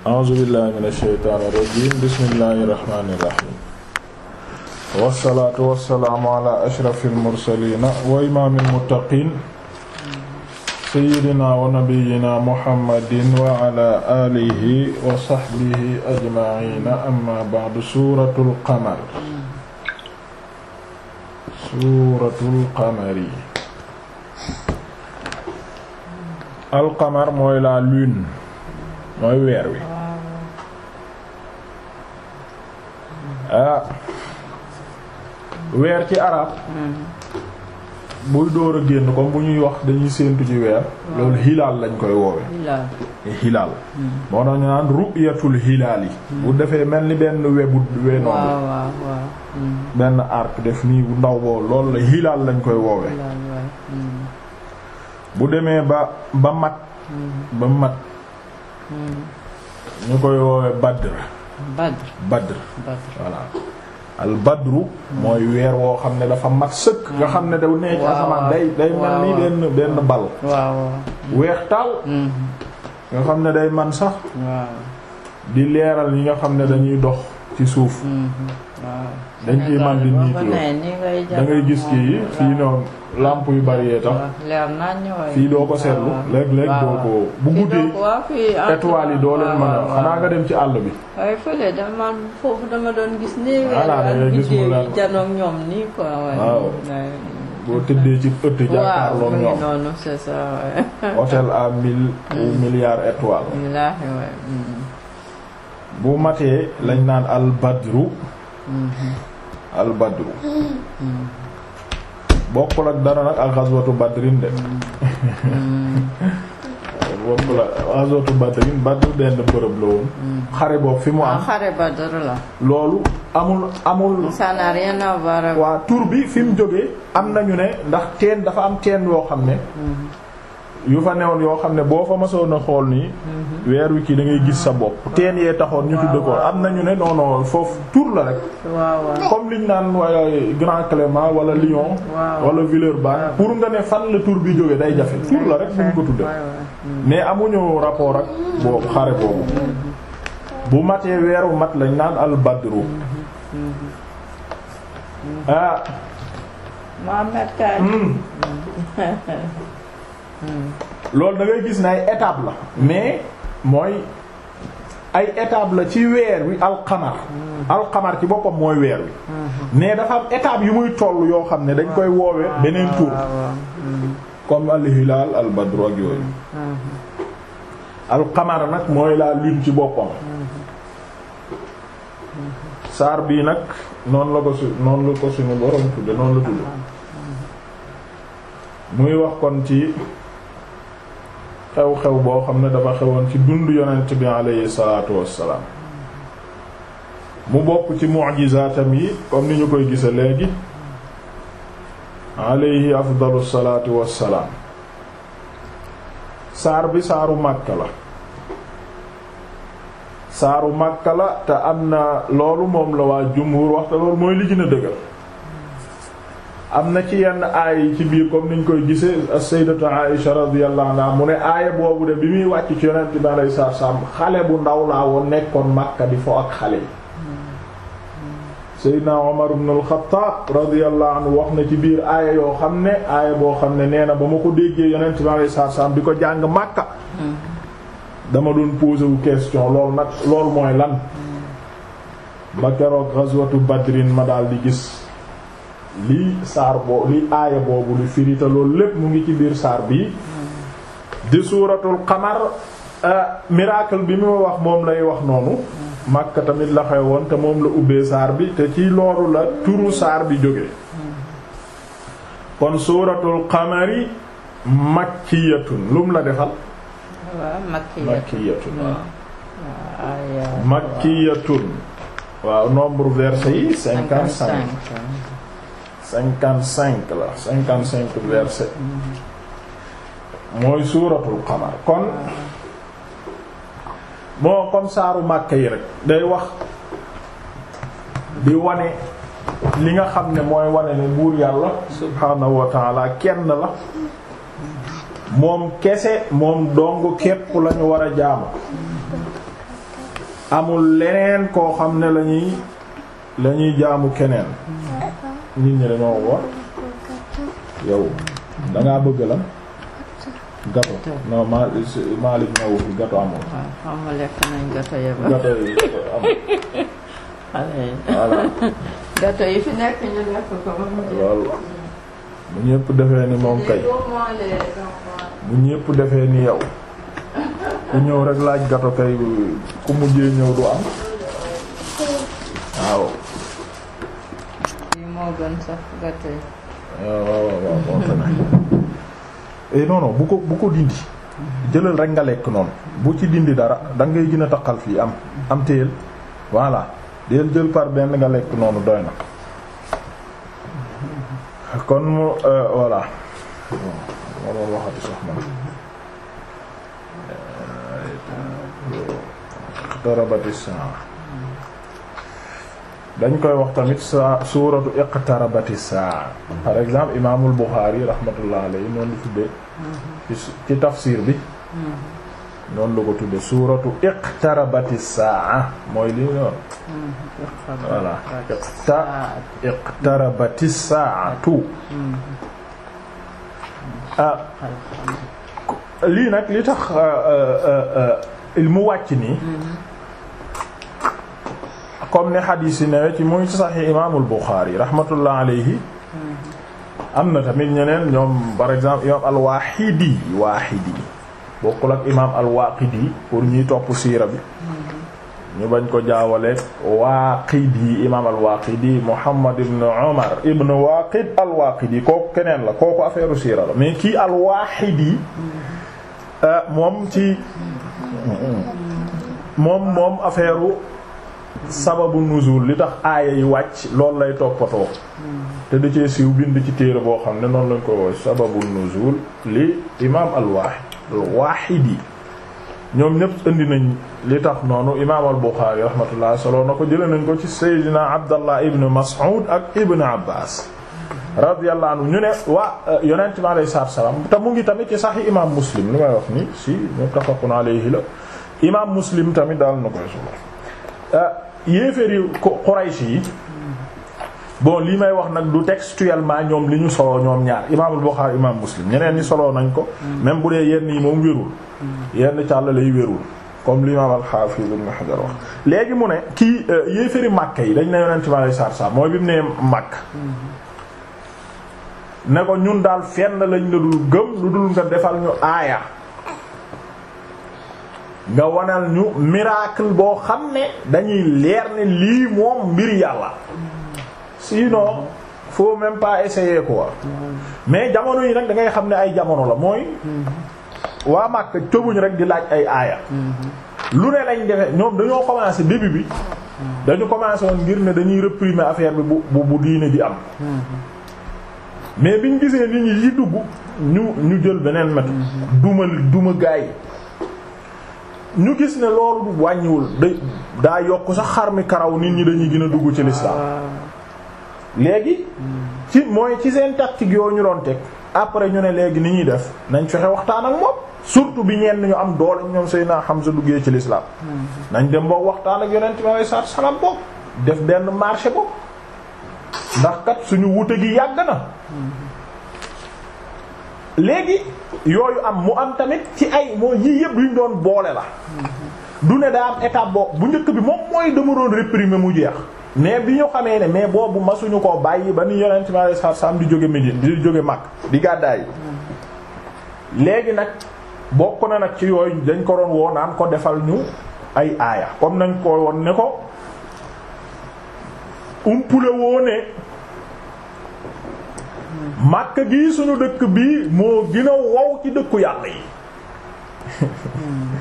a'uuzu billaahi mina shaytaani rajiim bismillaahi rahmaani rahiim wassalaatu wassalaamu alaa ashrafil mursaliin wa imaamil muttaqiin sayyidinaa wa nabiyyinaa muhammadin wa alaa aalihi wa sahbihi ajma'iin ammaa ba'du suuratul qamar suuratul qamari al qamar mooy la lune mooy weer wi ah. weer ci arab buy door a génn comme bu ñuy wax dañuy séentu ci weer loolu hilaal lañ koy woowe hilaal hmm. moo tax naan ru'yatul hilaal yi hmm. bu defee mel ni benn we bu we noonu hmm. benn arc def nii bu ndaw boobu loolu la hilaal lañ koy woowe bu demee ba ba mat ba mat ñu koy woowee Badr. Badr Badr. Badr al badru mooy weer woo xam ne dafa mat sëkk. nga xam ne daw nee ci asamaan day day mel ni benn benn bal. weex taal. Mm-hmm. nga xam ne day man sax. di leeral yi nga xam ne dañuy dox ci suuf. Mm-hmm. dañ ciy man di niitoo da ngay gis ci yi fii noonu làmp yu bari yee tax fii doo ko seetlu léeg-léeg doo ko bu guddee étoiles yi doo leen mën a xanaa nga dem ci àll bi waaye fële dama foofu dama doon waaw boo tëddee ci ëtt jàkkaarloo ñoom noonu c'est ça hôtel mm. mm. bu matee lañ naan al al badru bokkul ak dara nag ak xaswatu badrin de hmm. bokkul ak xaswatu badrin badru benn bërëb la woon hmm. xare boobu fi mu am ah, xare badru la loolu amul amul n'a rien à voir waa tur bi fi mu jógee am nañu ne ndax teen dafa am teen yoo xam ne hmm. yu fa newoon yoo xam ne boo fa masoon xool nii mhm. weer wi kii da ngay gis sa bopp teen yee taxoon ñu tudd ko am ñu ne non non foofu tur la rek comme liñ naan waaye Grand Clément wala Lyon wala Villeurbanne pour nga ne fan la tur bi jóge day jafe tur la rek buñ ko tudde hmm. mais amuñu rapport ak boobu xare boobu hmm. bu matee weeru mat lañ naan al badru hmm. ah loolu da ngay gis ne ay étape la mais mooy ay étape la ci weer wi alxamar mm-hmm. alxamar ci boppam mooy weer wi mm-hmm. mais dafa am étape yu muy toll yoo xam ne dañ koy woowe ah, beneen tour mm-hmm. comme al hilal al yooyu alxamar nag mooy la lune ci boppam saar bii nag noonu la ko su noonu la ko suñu borom tudde noonu la tudde muy wax kon ci xew-xew boo xam ne dafa xewoon ci dund yonent bi aleyhi salaatu wassalaam mu bokk ci mu'jizaatam yi comme ni ñu koy gisa léegi aleyhi afdalu salaatu wassalaam saar bi saaru Makka la saaru Makka la te am na loolu moom la waa jumhur waxte mooy li gën dëgër am na ci yenn aaya yi ci biir comme niñ koy gisee as-sayyidatu Aisha radiyallahu anha mu ne aaya boobu de bi muy wàcc ci yonent bi alayhi salaam xale bu ndaw laa woon nekkoon Makka di fo ak xale yi Seydina Omar ibn al-Khattab radiyallahu wax na ci biir aaya yoo xam ne aaya boo xam ne nee na ba ma ko déggee yonent bi alayhi salaam di ko jàng Makka dama doon poser wu question loolu nag loolu mooy lan ba keroog ghazwatu Badrin ma daal di gis li saar boo li aaya boobu li firita lépp mu ngi ci biir saar bii di suuratul xamar euh, miracle bi mu wax moom lay wax noonu Makka tamit la xew woon te moom la ubbee saar bi te ci loolu la turu saar bi jóge kon suuratul xamari makkiyatun lum la defal makkiyatun waaw makkiyatun waaw nombre verset yi cinquante cinq la cinquante cinq verset mooy suuratul xamar kon bon comme saaru màkk yi rek day wax bi wane li nga xam ne mooy wane ne buur yàlla subhaanahu wa kenn la moom kese moom dong képp lañu war a jaamu amul leneen koo xam ne lañuy lañuy jaamu keneen nit ñi dañoo woor yow dangaa bëgg la gato non ma Malick ñëw fi gato amul. waaw ah, xam nga lekk nañ gato yi gato yi fi nekk ñu lekk ko mu ñëpp defee ni moom kay bu ñëpp defee ni yow ku ñëw rek laaj gato kay ku mujjee ñëw du am waaw. moo gën sax gàtt yi. waaw waaw waaw bu ko bu ko dindi. jëlal rek nga lekk noonu bu ci dindi dara da ngay gën a taqal fii am am téyel voilà del jël par benn nga lekk noonu doy na kon mu euh, voilà moo doon sax man dañ koy wax tamit sa suuratu iqtarabati saa par exemple imaamul Buxaari rahmatullah alayhi noonu la tuddee ci tafsir bi noonu la ko tuddee suuratu iqtarabati saa mooy lii noonu ah, lii nag li tax ah, ah, mu wàcc nii comme ni xadiis yi newe ci muy saxi imaamul Buxaari rahmatullah alayhi am na tamit ñeneen ñoom par exemple imaam al-Wahidi Wahidi bokkul ak imaam al-Waqidi pour ñuy topp siira bi ñu bañ ko jaawaleeg Waqidi imaam al-Waqidi Muhammad ibn Umar ibn Waqid al-Waqidi kooku keneen la kooku affaire siira la mais kii al-Wahidi euh, moom ci moom moom affaire sababu nuzul li tax aaya yi wàcc loolu lay toppatoo te da siiw bind ci téere boo xam ne noonu lañ ko woowe sababu nuzul li imaam al-Wahid al-Wahidi ñoom ñëpp indi nañ li tax noonu imaam al-Bukhari rahmatullah solo na ko jëlee nañ ko ci Seydina Abdallah ibn Mas'ud ak ibn Abbas radiyallahu anhu ñu ne waa euh, yonent bi alayhi salaatu salaam te mu ngi tamit ci Sahih imaam Muslim li may wax ni si muttafaqun alayhi la imaam Muslim tamit daal na koy solo euh, yéeféeri Quraysh yi bon lii may wax nag du textuellement ñoom li ñu soloo ñoom ñaar imaamul Buxaari imaam Muslim ñeneen ñi soloo nañ ko mm. même bu dee yenn yi moom wérul mm. yenn càll lay wérul comme l'imam al-Hafiz Ibn Hajar wax léegi mu ne kii euh, yéeféeri Makka yi dañ ne yonent bi alayhi salaatu salaam mooy bi mu ne Makka mm-hmm. ne ko ñun daal fenn lañ la dul gëm lu dul nga defal ñu aaya nga wanal ñu miracle boo xam ne dañuy leer ne lii moom mbir yàlla sinon foo même pas essayer quoi mais jamono yi nag da ngay xam ne ay jamono la mooy waa Makka coguñ rek di laaj ay aaya lu ne lañ defe ñoom dañoo commencé début bi dañu commencé woon ngir ne dañuy réprimer affaire bi bu bu diine di am mais biñ gisee nit ñi yi dugg ñu ñu jël beneen méthode duma duma gaay ñu gis ne loolu wàññiwul day daa yokk sax xar mi karaw nit ñi dañuy gën a dugg ci lislaam ah. léegi hmm. ci mooy ci seen tactique yooyu ñu doon teg après ñu ne léegi ni ñuy def nañ fexe waxtaan ak moom surtout bi ñenn ñu am doole ñoom xam sa duggee ci lislaam hmm. nañ dem boo waxtaan ak yonent bi alayhi salaatu salaam boobu def benn marché boobu ndax kat suñu wute gi yàgg na hmm. léegi yooyu am mu am tamit ci ay moo yii yëpp luñ doon boole la du ne daa am étape boo bu njëkk bi moom mooy dama doon réprimer mu jeex mais bi ñu xamee ne mais boobu masuñu koo bàyyi ba ni yonent mi alayhi saam di jóge Médine di jóge mag di gàddaay léegi nag bokk na nag ci yooyu dañ ko doon woo naan ko defal ñu ay aaya comme nañ ko woon ne ko umpule woo ne makka gii suñu dëkk bii moo gën wow ci dëkku yàlla yi hmm.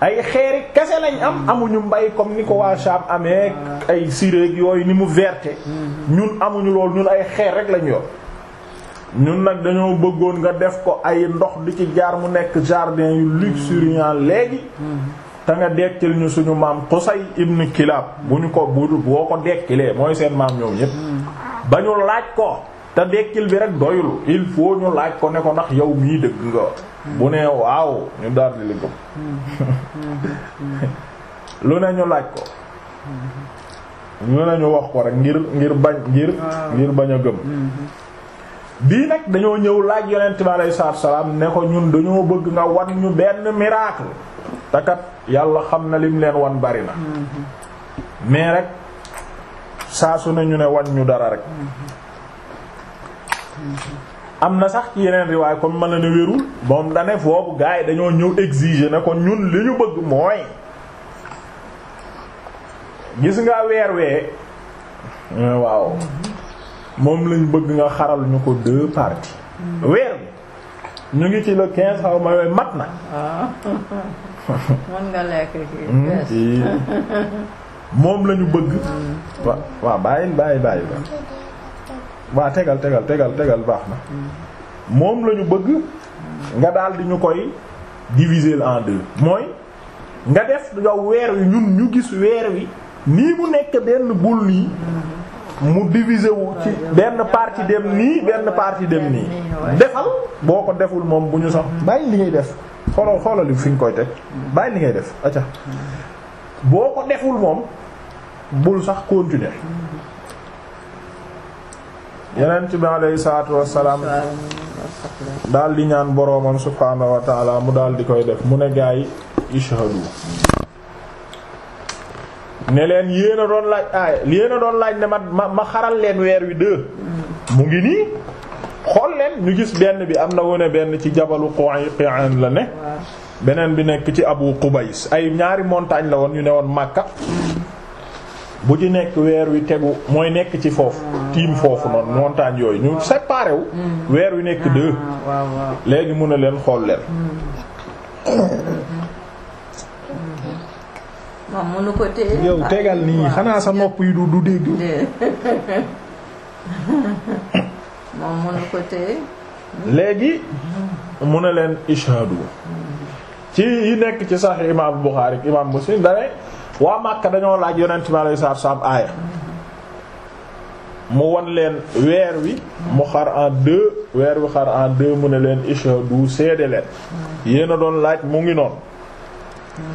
ay xeeri kese lañ am hmm. amuñu mbay comme ni ko waa Sham amee hmm. ay sireeg yooyu ni mu verte ñun amuñu lool ñun ay xeer rek lañ yor ñun nag dañoo bëggoon nga def ko ay ndox di ci jaar mu nekk jardin yu luxuriant léegi te nga dekkil ñu suñu maam Qusay ibn Kilab bu ñu ko bu boo ko dekkilee mooy seen maam ñoom ñépp ba ñu laaj ko te dekkil bi rek doyul il faut ñu laaj ko ne ko ndax yow mii dëgg nga bu ne waaw ñu daal di gëm lu ne ñu laaj ko ñu ne ñu wax ko rek ngir ngir bañ ngir ngir bañ a gëm mm-hmm. bii nag dañoo ñëw laaj yonent bi alayhi salaatu ne ko ñun dañoo bëgg nga wan ñu benn miracle takat yàlla xam na lim leen wan bari mm-hmm. mais rek saa su ne ñu ne wan ñu dara rek mm-hmm. am na sax ci yeneen riwaay comme ma na ne wérul moom dane foofu gars yi dañoo ñëw exiger ne ko ñun li ñu bëgg mooy gis nga weer wee waaw moom lañ bëgg nga xaral ñu ko deux parties weer ñu ngi ci le quinze xaw ma yooyu mat na mën hmm, moom lañu bëgg hmm. waaw bàyyil bàyyi bàyyi ba waa tegal tegal tegal tegal baax na moom la ñu bëgg nga daal di ñu koy diviser en deux mooy nga def yow weer wi ñun ñu gis weer wi nii mu nekk benn boule nii mu diviser wu ci benn parti dem nii benn parti dem nii defal boo ko deful moom bu ñu sax mm-hmm. bàyyi li ngay def xoolal xoolal fi nga koy teg mm-hmm. bàyyi li ngay def acca mm-hmm. boo ko deful moom bul sax continuer yonent bi alayhi salaatu wassalaam daal di ñaan boroomam subhaanahu wa mu daal di koy def mu ne gaay ishhadu ne leen yéen a doon laaj aay ah, yéen a doon laaj ne ma ma xaral leen weer wi deux mu ngi nii xool leen ñu gis benn bi am na wone benn ci jabalu Quqi'an la ne beneen bi nekk ci Abu Qubays ay ñaari montagne la woon ñu ne woon Makka mm. bu ci nekk weer wi tegu mooy nekk ci foofu tiim foofu noonu montagne yooyu ñu séparé mm. weer wi nekk deux ah, léegi mu ne leen xool leen moom mm-hmm. mënu mm-hmm. ko téye yow nii xanaa sa nopp yi mu ne leen ishadu mm-hmm. ci yi nekk ci sax imam Bukhari imam Muslim dane waa Màkka dañoo laaj yonent bi alayhi salaatu salaam aaya mu won leen weer wi mu xar en deux weer wi xar en deux mu ne leen ishhadu seede leen yéen a doon laaj mu ngi noon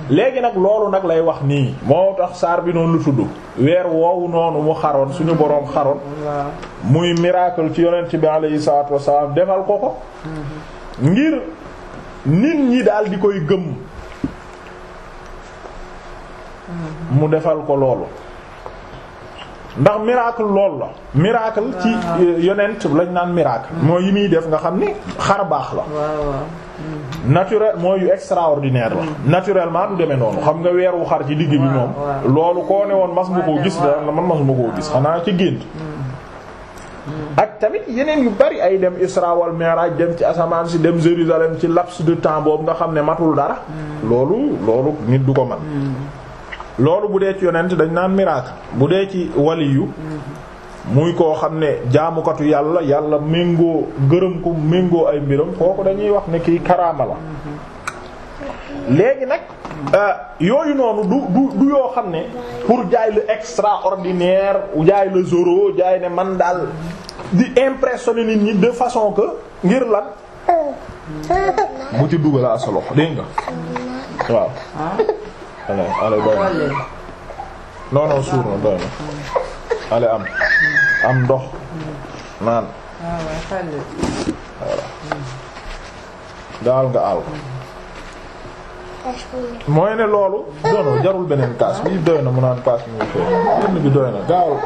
léegi nag loolu nag lay wax nii moo tax saar bi noonu lu tudd weer woowu noonu mu xaroon suñu boroom xaroon muy miracle ci yonent bi alayhi salaatu wassalaam defal ko ko mm-hmm. ngir nit ñi daal di koy gëm mu defal ko loolu ndax miracle loolu la miracle ci yonent lañ naan miracle mm. mooy yi muy def nga xam ni xar baax la mm. naturel mooy yu extraordinaire la mm. naturellement du demee noonu xam nga weeru xar ci digg bi moom loolu koo ne woon mas koo gis daan man mas ma koo gis xanaa ci gént ak tamit yeneen yu bari ay dem Isra wal Mi'raj dem ci asamaan si dem Jérusalem ci laps de temps boobu nga xam ne matul dara loolu loolu nit du ko man loolu bu dee ci yonent dañ naan miracle bu dee ci waliyu muy koo xam ne jaamukatu yàlla yàlla méngoo gërëm ko méngoo ay mbiram kooku dañuy wax ne kii karaama la léegi nag euh, yooyu noonu du du yoo xam ne pour jaay le extraordinaire jaay la zoro jaay ne man daal di impressionner nit ñi de façon que ngir lan bu ci dugalaa sa loxo dégg waaw ah. ale suur na doy na ale am am ndox naan ah, voilà nga àll mooy ne loolu dono jarul beneen kaas bi doy na mu naan kaas bi mu fee benn bi doy na gaawal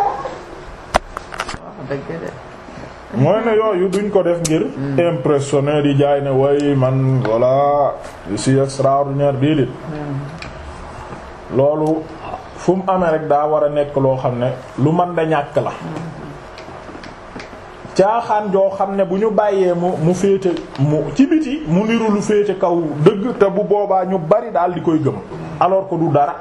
mooy ne yooyu duñ ko def ngir impressionner di jaay ne way man voilà je suis extraordinaire déedéet hmm. loolu fu mu daa war a nekk loo xam ne lu man da ñàkk la caaxaan joo xam ne bu ñu bàyyee mu mu féete mu ci biti mu niru lu féete kaw dëgg te bu boobaa ñu bari daal di koy gëm alors ko du dara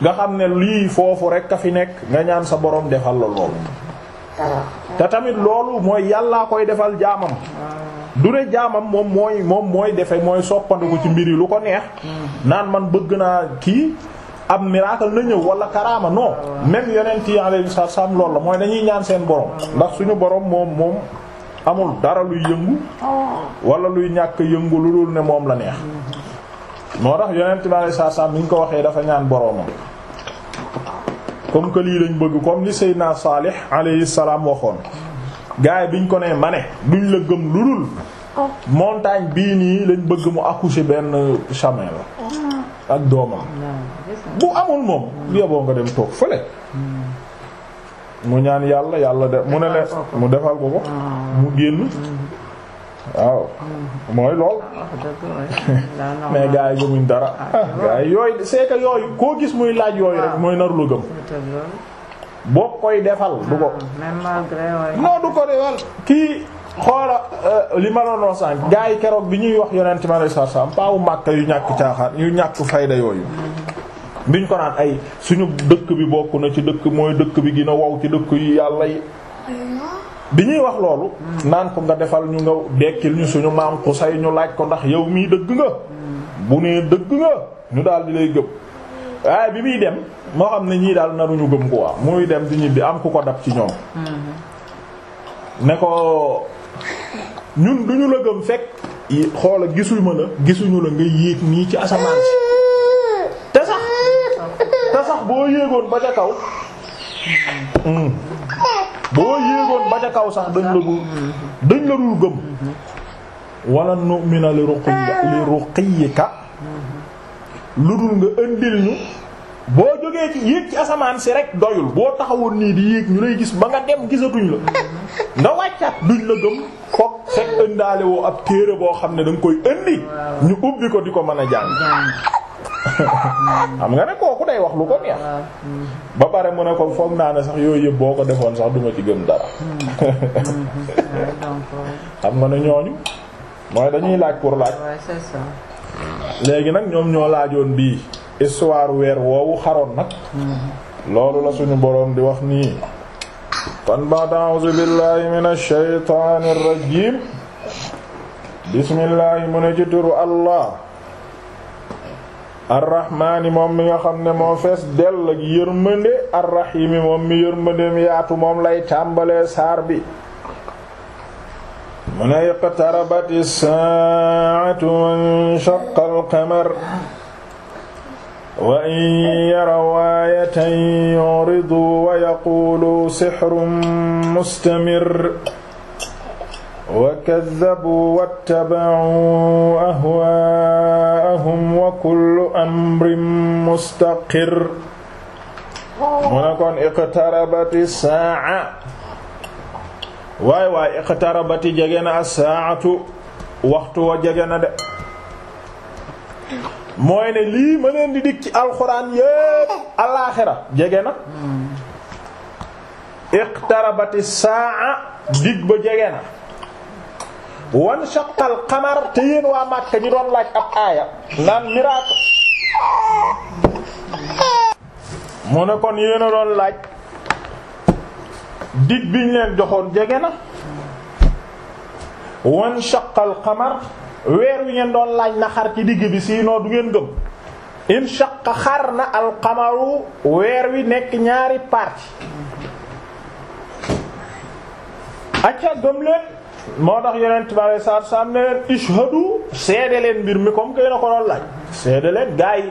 nga xam ne lii foofu rek a fi nekk nga ñaan sa borom defal la loolu te tamit loolu mooy yàllaa koy defal jaamam du ne jaamam moom mooy moom mooy defe mooy soppandiku ci mbir yi lu ko neex naan man bëgg naa kii am miracle na ñëw wala karaama non même yonent yi alayhi la mooy dañuy ñaan seen borom ndax suñu boroom moom moom amul dara luy yëngu wala luy ñàkk yëngu lu dul ne moom la neex moo tax yonent bi alayhi ko waxee dafa ñaan boromam comme que lii lañ bëgg comme li Seydina Salih alayhi salaam waxoon gaay biñ ko nee ma ne duñ la gëm lu dul oh. montagne bii nii lañ bëgg mu accoucher benn chamelle ak doomam bu amul moom yoboo nga dem toog fële mu ñaan yàlla yàlla def mu ne leen mu defal ko ko mu génn waaw mooy lool mais gars gëmuñ dara gars yi yooyu c'est yooyu koo gis muy laaj yooyu rek mooy naru lu gëm boo koy defal du ko non du ko defal kii xoola euh, li ma doon wax sànq keroog bi ñuy wax yonent ma lay sarsam paawu Makka yu ñàkk caaxaan yu ñàkk fayda yooyu. biñ ko naan ay suñu dëkk bi bokk na ci dëkk mooy dëkk bi gina a wow ci dëkk yi yàlla yi. bi ñuy wax loolu. naan ko nga defal ñu nga dekkil ñu suñu maam say ñu laaj ko ndax yow mii dëgg nga. bu nee dëgg nga ñu daal di lay gëm. waaye bi muy dem moo xam ne ñii daal naruñu gëm ko waa muy dem di ñibbi am ku ko dab ci ñoom. Mm-hmm. ne ko ñun duñu la gëm fekk xoola gisuñu la gisuñu la nga yéeg nii ci asamaan si te sax te sax boo yéegoon ba ca kaw hmm, boo yéegoon ba ca kaw sax dañ la dul dañ la dul gëm wala nu'mina li ruqiyya li ruqiyika lu dul nga indil ñu boo jógee ci yéeg ci asamaan si rek doyul boo taxawoon nii di yéeg ñu lay gis ba nga dem gisatuñ la nga wàccaat duñ la gëm foog fekk ëndaale woo ab téere boo xam ne da koy ëndi ñu ubbi ko di ko mën a jàng xam nga ne kooku day wax lu ko neex ba pare mu ne ko foog naa ne sax yooyu yëpp boo ko defoon sax duma ci gëm dara xam nga ne ñooñu mooy dañuy laaj pour laaj léegi nag ñoom ñoo laajoon bii histoire weer woowu xaroon nag loolu la suñu boroom di wax nii kon baat a'uuzu billaahi minash shaytaanir rajiim bismillaahi mu ne ci turu allah arrahmaani moom mi nga moo fees dell ak yërmande arrahiimi moom mi yërmande mi yaatu moom lay tàmbalee saar bi mu ne iqtarabatis saa'atu wanshaqqal qamar wa in yaraw aayatan yuridu wa yaquulu sixrun mustamir wa kaddabuu wattabacuu ahwaa'ahum wa kullu amrin mustaqir mu ne kon iqtarabati saaca waay waay iqtarabati jege na assaacatu waxtu wa jege na de mooy ne lii ma di dig ci alxuraan yépp alaaxira jege na iqtarabati saa dig ba jege na wan shaqal qamar te yéen waa Makka ñi doon laaj ab aaya naan miracle mu ne kon yéen doon laaj dig biñ leen joxoon jege na wan shaqal qamar weer wi ngeen doon laaj na xar ci digg bi sinon du ngeen gëm inshaqa xar na alqamaru weer wi nekk ñaari parti acca gëm leen moo tax yonent bi alei saatu ne leen ishhadu seede leen mbir mi comme que na ko doon laaj seede leen gaa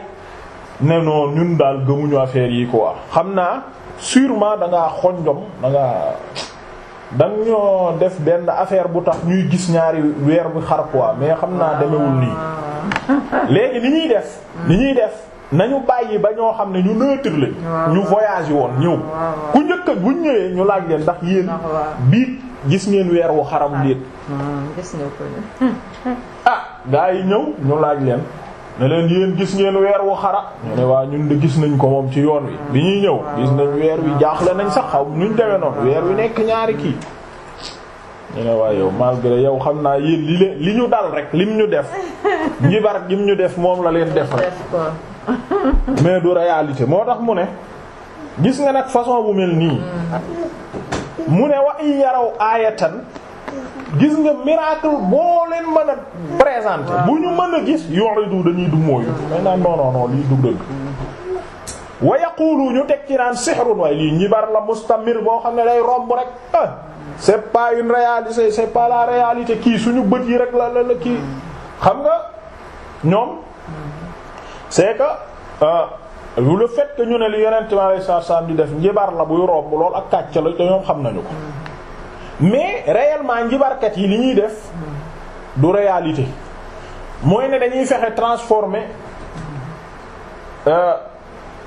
ne noon ñun daal gëmuñu affaire yi quoi xam naa sûrement da ngaa xonjom da dang ñoo def benn affaire bu tax ñuy gis ñaari weer bi xar quoi mais xam naa demewul nii léegi ni ñuy def ni ñuy def nañu bàyyi ba ñoo xam ne ñu neutre ñu voyage woon ñëw ku njëkk ak buñ ñëwee ñu laaj leen ndax yéen biit gis ngeen weer wu xaram déet ah, hmm, ah gaa yi ñëw ñu laaj leen ne leen yéen gis ngeen weer wu xara ñu ne waa ñun de gis nañ ko moom ci yoon wi bi ñuy ñëw gis nañ weer wi jaaxle nañ sax xaw nuñ demee noonu weer wi nekk ñaari kii ñu ne waa yow malgré yow xam naa yéen li leen li ñu dal rek li mu ñu def njibar mu ñu def moom la leen def rek mais du réalité moo tax mu ne gis nga nag façon bu mel nii mm. mu ne wa in yaraw aayatan gis nga miracle boo leen mën a présenter bu ñu mën a gis yuridu dañuy du mooyu dañ naan non non non lii dug dëgg wa yaqulu ñu teg ci naan sihrun waaye lii ñibar la mustamir boo xam ne day romb rek ah c'est pas une réalité c'est pas la réalité kii suñu bët yi rek la la la kii xam nga ñoom c'est que euh, le fait que ñu ne li yonent mi alayhi salaam di def njibar la buy romb lool ak kàcc la te ñoom xam nañu ko mais réellement njibarkat yi li ñuy def du réalité mooy ne dañuy fexe transformer euh,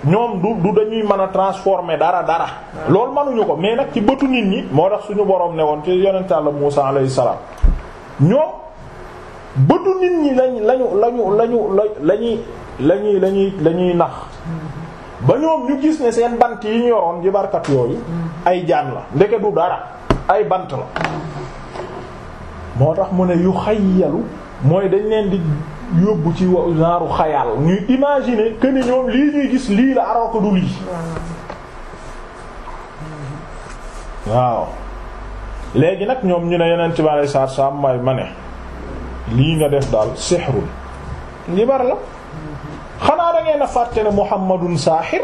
ñoom du dañuy mën a transformer dara dara. loolu mënuñu ko mais nag ci bëtu nit ñi. moo tax suñu borom ne woon ci yonent Yàlla Muusaa alayhi salaam ñoom bëtu nit ñi lañu lañu lañu lañu lañuy lañuy lañuy lañuy nax. ba ñoom ñu gis ne seen bant yi ñu yoroon jibarkat yooyu. ay jaan la ndeke du dara. ay bant la moo tax mu ne yu xayyalu mooy dañ leen di yóbbu ci wa genre xayal ñuy imaginer que ñoom lii ñuy gis lii la aroo lii waaw léegi nag ñoom ñu ne yeneen ci bari saar saam may ma ne lii nga def daal sixrun njibar la xanaa da ngeen a fàtte ne muhammadun saaxir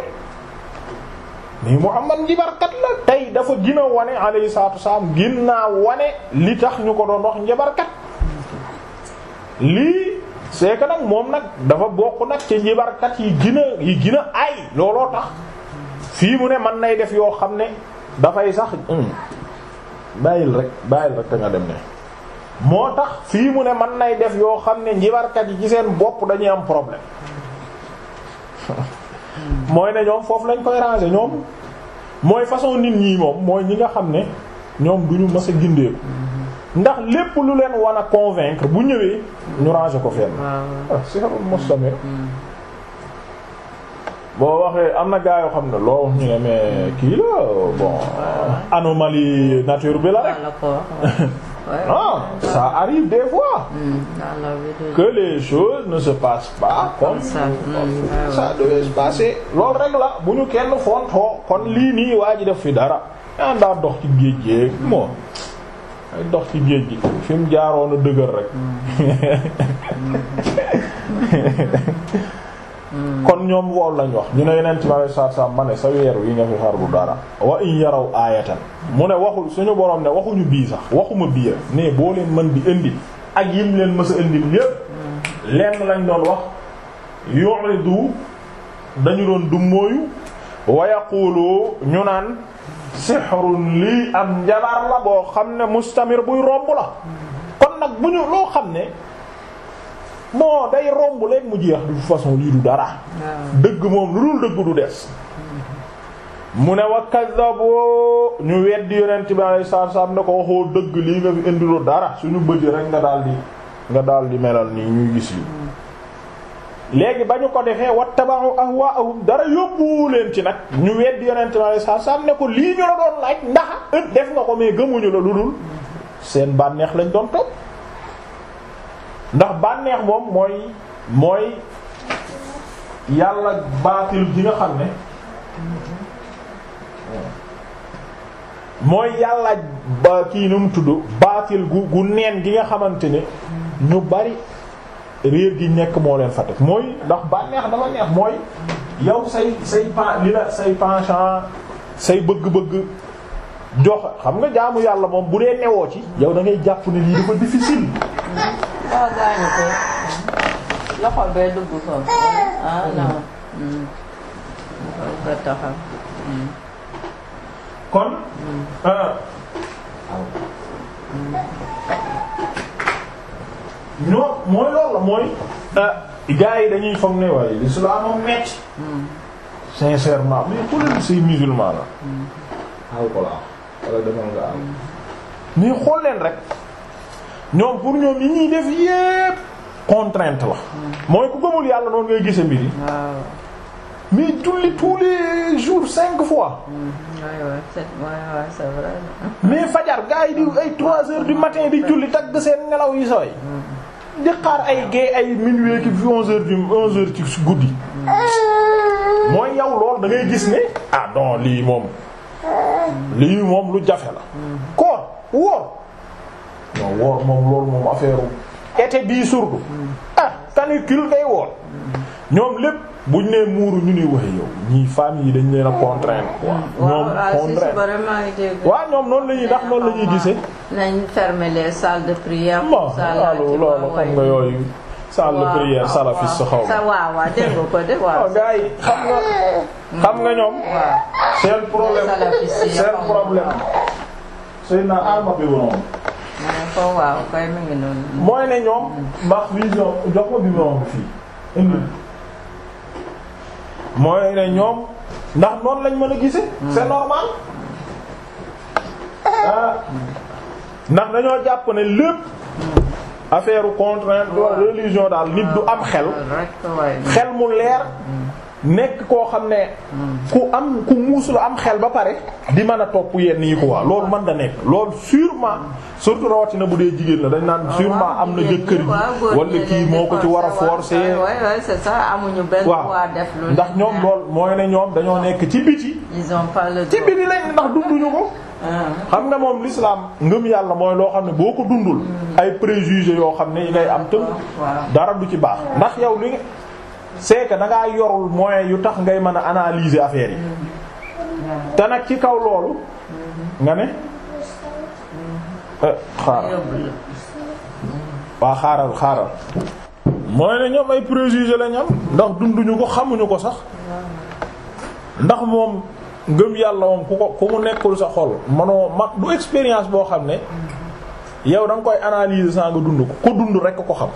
mu am Muhammad njabarkat la tey dafa gën a wane alayhi salaatu wasalaam gën naa wane li tax ñu ko doon wax njabarkat lii c'est que nag moom nag dafa bokk nag ci njabarkat yi gën yi gën a ay looloo tax fii mu ne man nay def yoo xam ne dafay sax hmm, bàyyil rek bàyyil rek te dem moo tax fii mu ne man nay def yoo xam ne njabarkat yi ci seen bopp dañuy am problème mooy ne ñoom foofu lañ koy ranger ñoom mooy façon nit ñi moom mooy ñi nga xam ne ñoom du ñu mës a gindeeku ndax lépp lu leen wan a convaincre bu ñëwee ñu ranger ko fenn. ah, ah c'est mm. boo waxee am na gaa yoo xam ne loo wax ñu ne mais kii la bon ah, anomalie nature bi la ah ça arrive des fois. Hmm, que ne se passent pas comme hmm, loolu rek la bu ñu kenn fontoo kon lii nii waa def fi dara. yaa daa dox ci géej gi moom ay dox ci géej gi fi mu jaaroon a dëgër rek. Hmm. kon ñoom woow lañu wax ñu ne yeneen ci ma lay saat saam ma ne sa weeru yi nga fi xar bu dara wa in yaraw aayatan mu ne waxul suñu borom ne waxuñu bii sax waxuma bii ne boo leen man bi indil ak yim leen mësa indil lépp lenn lañ doon wax yu'ridu dañu doon du mooyu ñu naan sihrun lii am njabar la boo xam ne mustamir buy romb la kon nag bu ñu loo xam ne moo day romb léegi mu jeex de toute façon lii du dara ah. dëgg moom lu dul dëgg du des mu ne wa kaddabu ñu weddi yonent bi alayhi salaatu salaam ne ko waxoo dëgg lii nga fi indi lu dara suñu bëj rek nga daal di nga daal di melal nii ñuy gis yi léegi ba ñu ko defee wattaba'u ahwaa'ahum dara yóbbu leen ci nag ñu weddi yonent bi alayhi salaatu salaam ne ko lii ñu la doon laaj ndax def nga ko mais gëmuñu la lu dul seen bànneex lañ doon topp ndax bànneex moom mooy mooy yàlla baatil ji nga xam ne mooy yàlla ba kii nu mu tudd baatil gu gu gi nga xamante ne ñu bari réer gi nekk moo leen fa teg mooy ndax bànneex dama neex mooy yow say say pen li la say penchant say bëgg-bëgg jox xam nga jaamu yàlla moom bu dee newoo ci yow da jàpp ne lii dafa difficile. ko ah, loxo hmm. hmm. kon. Hmm. Euh, ñoo mooy loolu la mooy. Euh, gars yi dañuy foog ne waaye l'islam moom metti sincèrement mais ku leen musulman la. wala demal nga xool leen rek ñoom pour ñoom yi ñuy def yépp contrainte la mooy ku gëmul yàlla noonu ngay gise mbir yi mais julli tous les jours cinq fois mm-hmm. mais fajar gars yi di ay trois heures du matin di julli tagg seen ngelaw yi saway mm-hmm. di xaar ay gay ay minuit ki fi onze heures ci guddi mm-hmm. mooy yow lool da ngay gis ne ah non lii moom lii moom lu jafe la koor woor non woor moom loolu moom affaire été bii surtout ah canicule day woor ñoom lépp buñ nee muuru ñu ni waxe yow ñii femmes dañ leen a contraindre quoi. ñoom contraindre waaw ñoom noonu la ndax noonu la ñuy gisee. nañ fermer les salles de prière. salle ah, loolu xam nga yooyu. saa de prière salafiste xaw ma. waaw waaw dégg waaw. Oh, xam nga xam nga ñoom. waaw mooy ne ñoom. ndax noonu lañ mën a gise hmm. c'est normal. Ah. ndax dañoo jàpp ne lépp. affaire contrainte religion daal nit du am xel ah, mm. xel mu leer mm. nekk koo xam ne mm. ku am ku muusul am xel ba pare di man a topp yenn yi quoi loolu mën da nekk loolu sûrement surtout rawatina bu dee jigéen la dañ naan ah, sûrement am na jëkkër ji wala kii moo ko ci war a forcer waaw ndax ñoom lool mooy ne ñoom dañoo nekk ci biti ci biti lañ ndax dunduñu ko xam nga moom l'islam ngëm yàlla mooy loo xam ne boo ko dundul ay préjugés yoo xam ne yi ngay am tëm dara du ci baax ndax yow li c'est que da ngaa yorul moyen yu tax ngay mën a analyser affaire yi te nag ci kaw loolu mm-hmm. nga ne eh, xaaral waa xaaral xaaral mooy ne ñoom ay préjugés la ñam ndax dunduñu ko xamuñu ko sax ndax moom ngëm yàlla moom ku ko ku mu nekkul sa xol manoo mag du expérience boo xam ne yow da nga koy analyser saa nga dund ko ko dund rek ko xam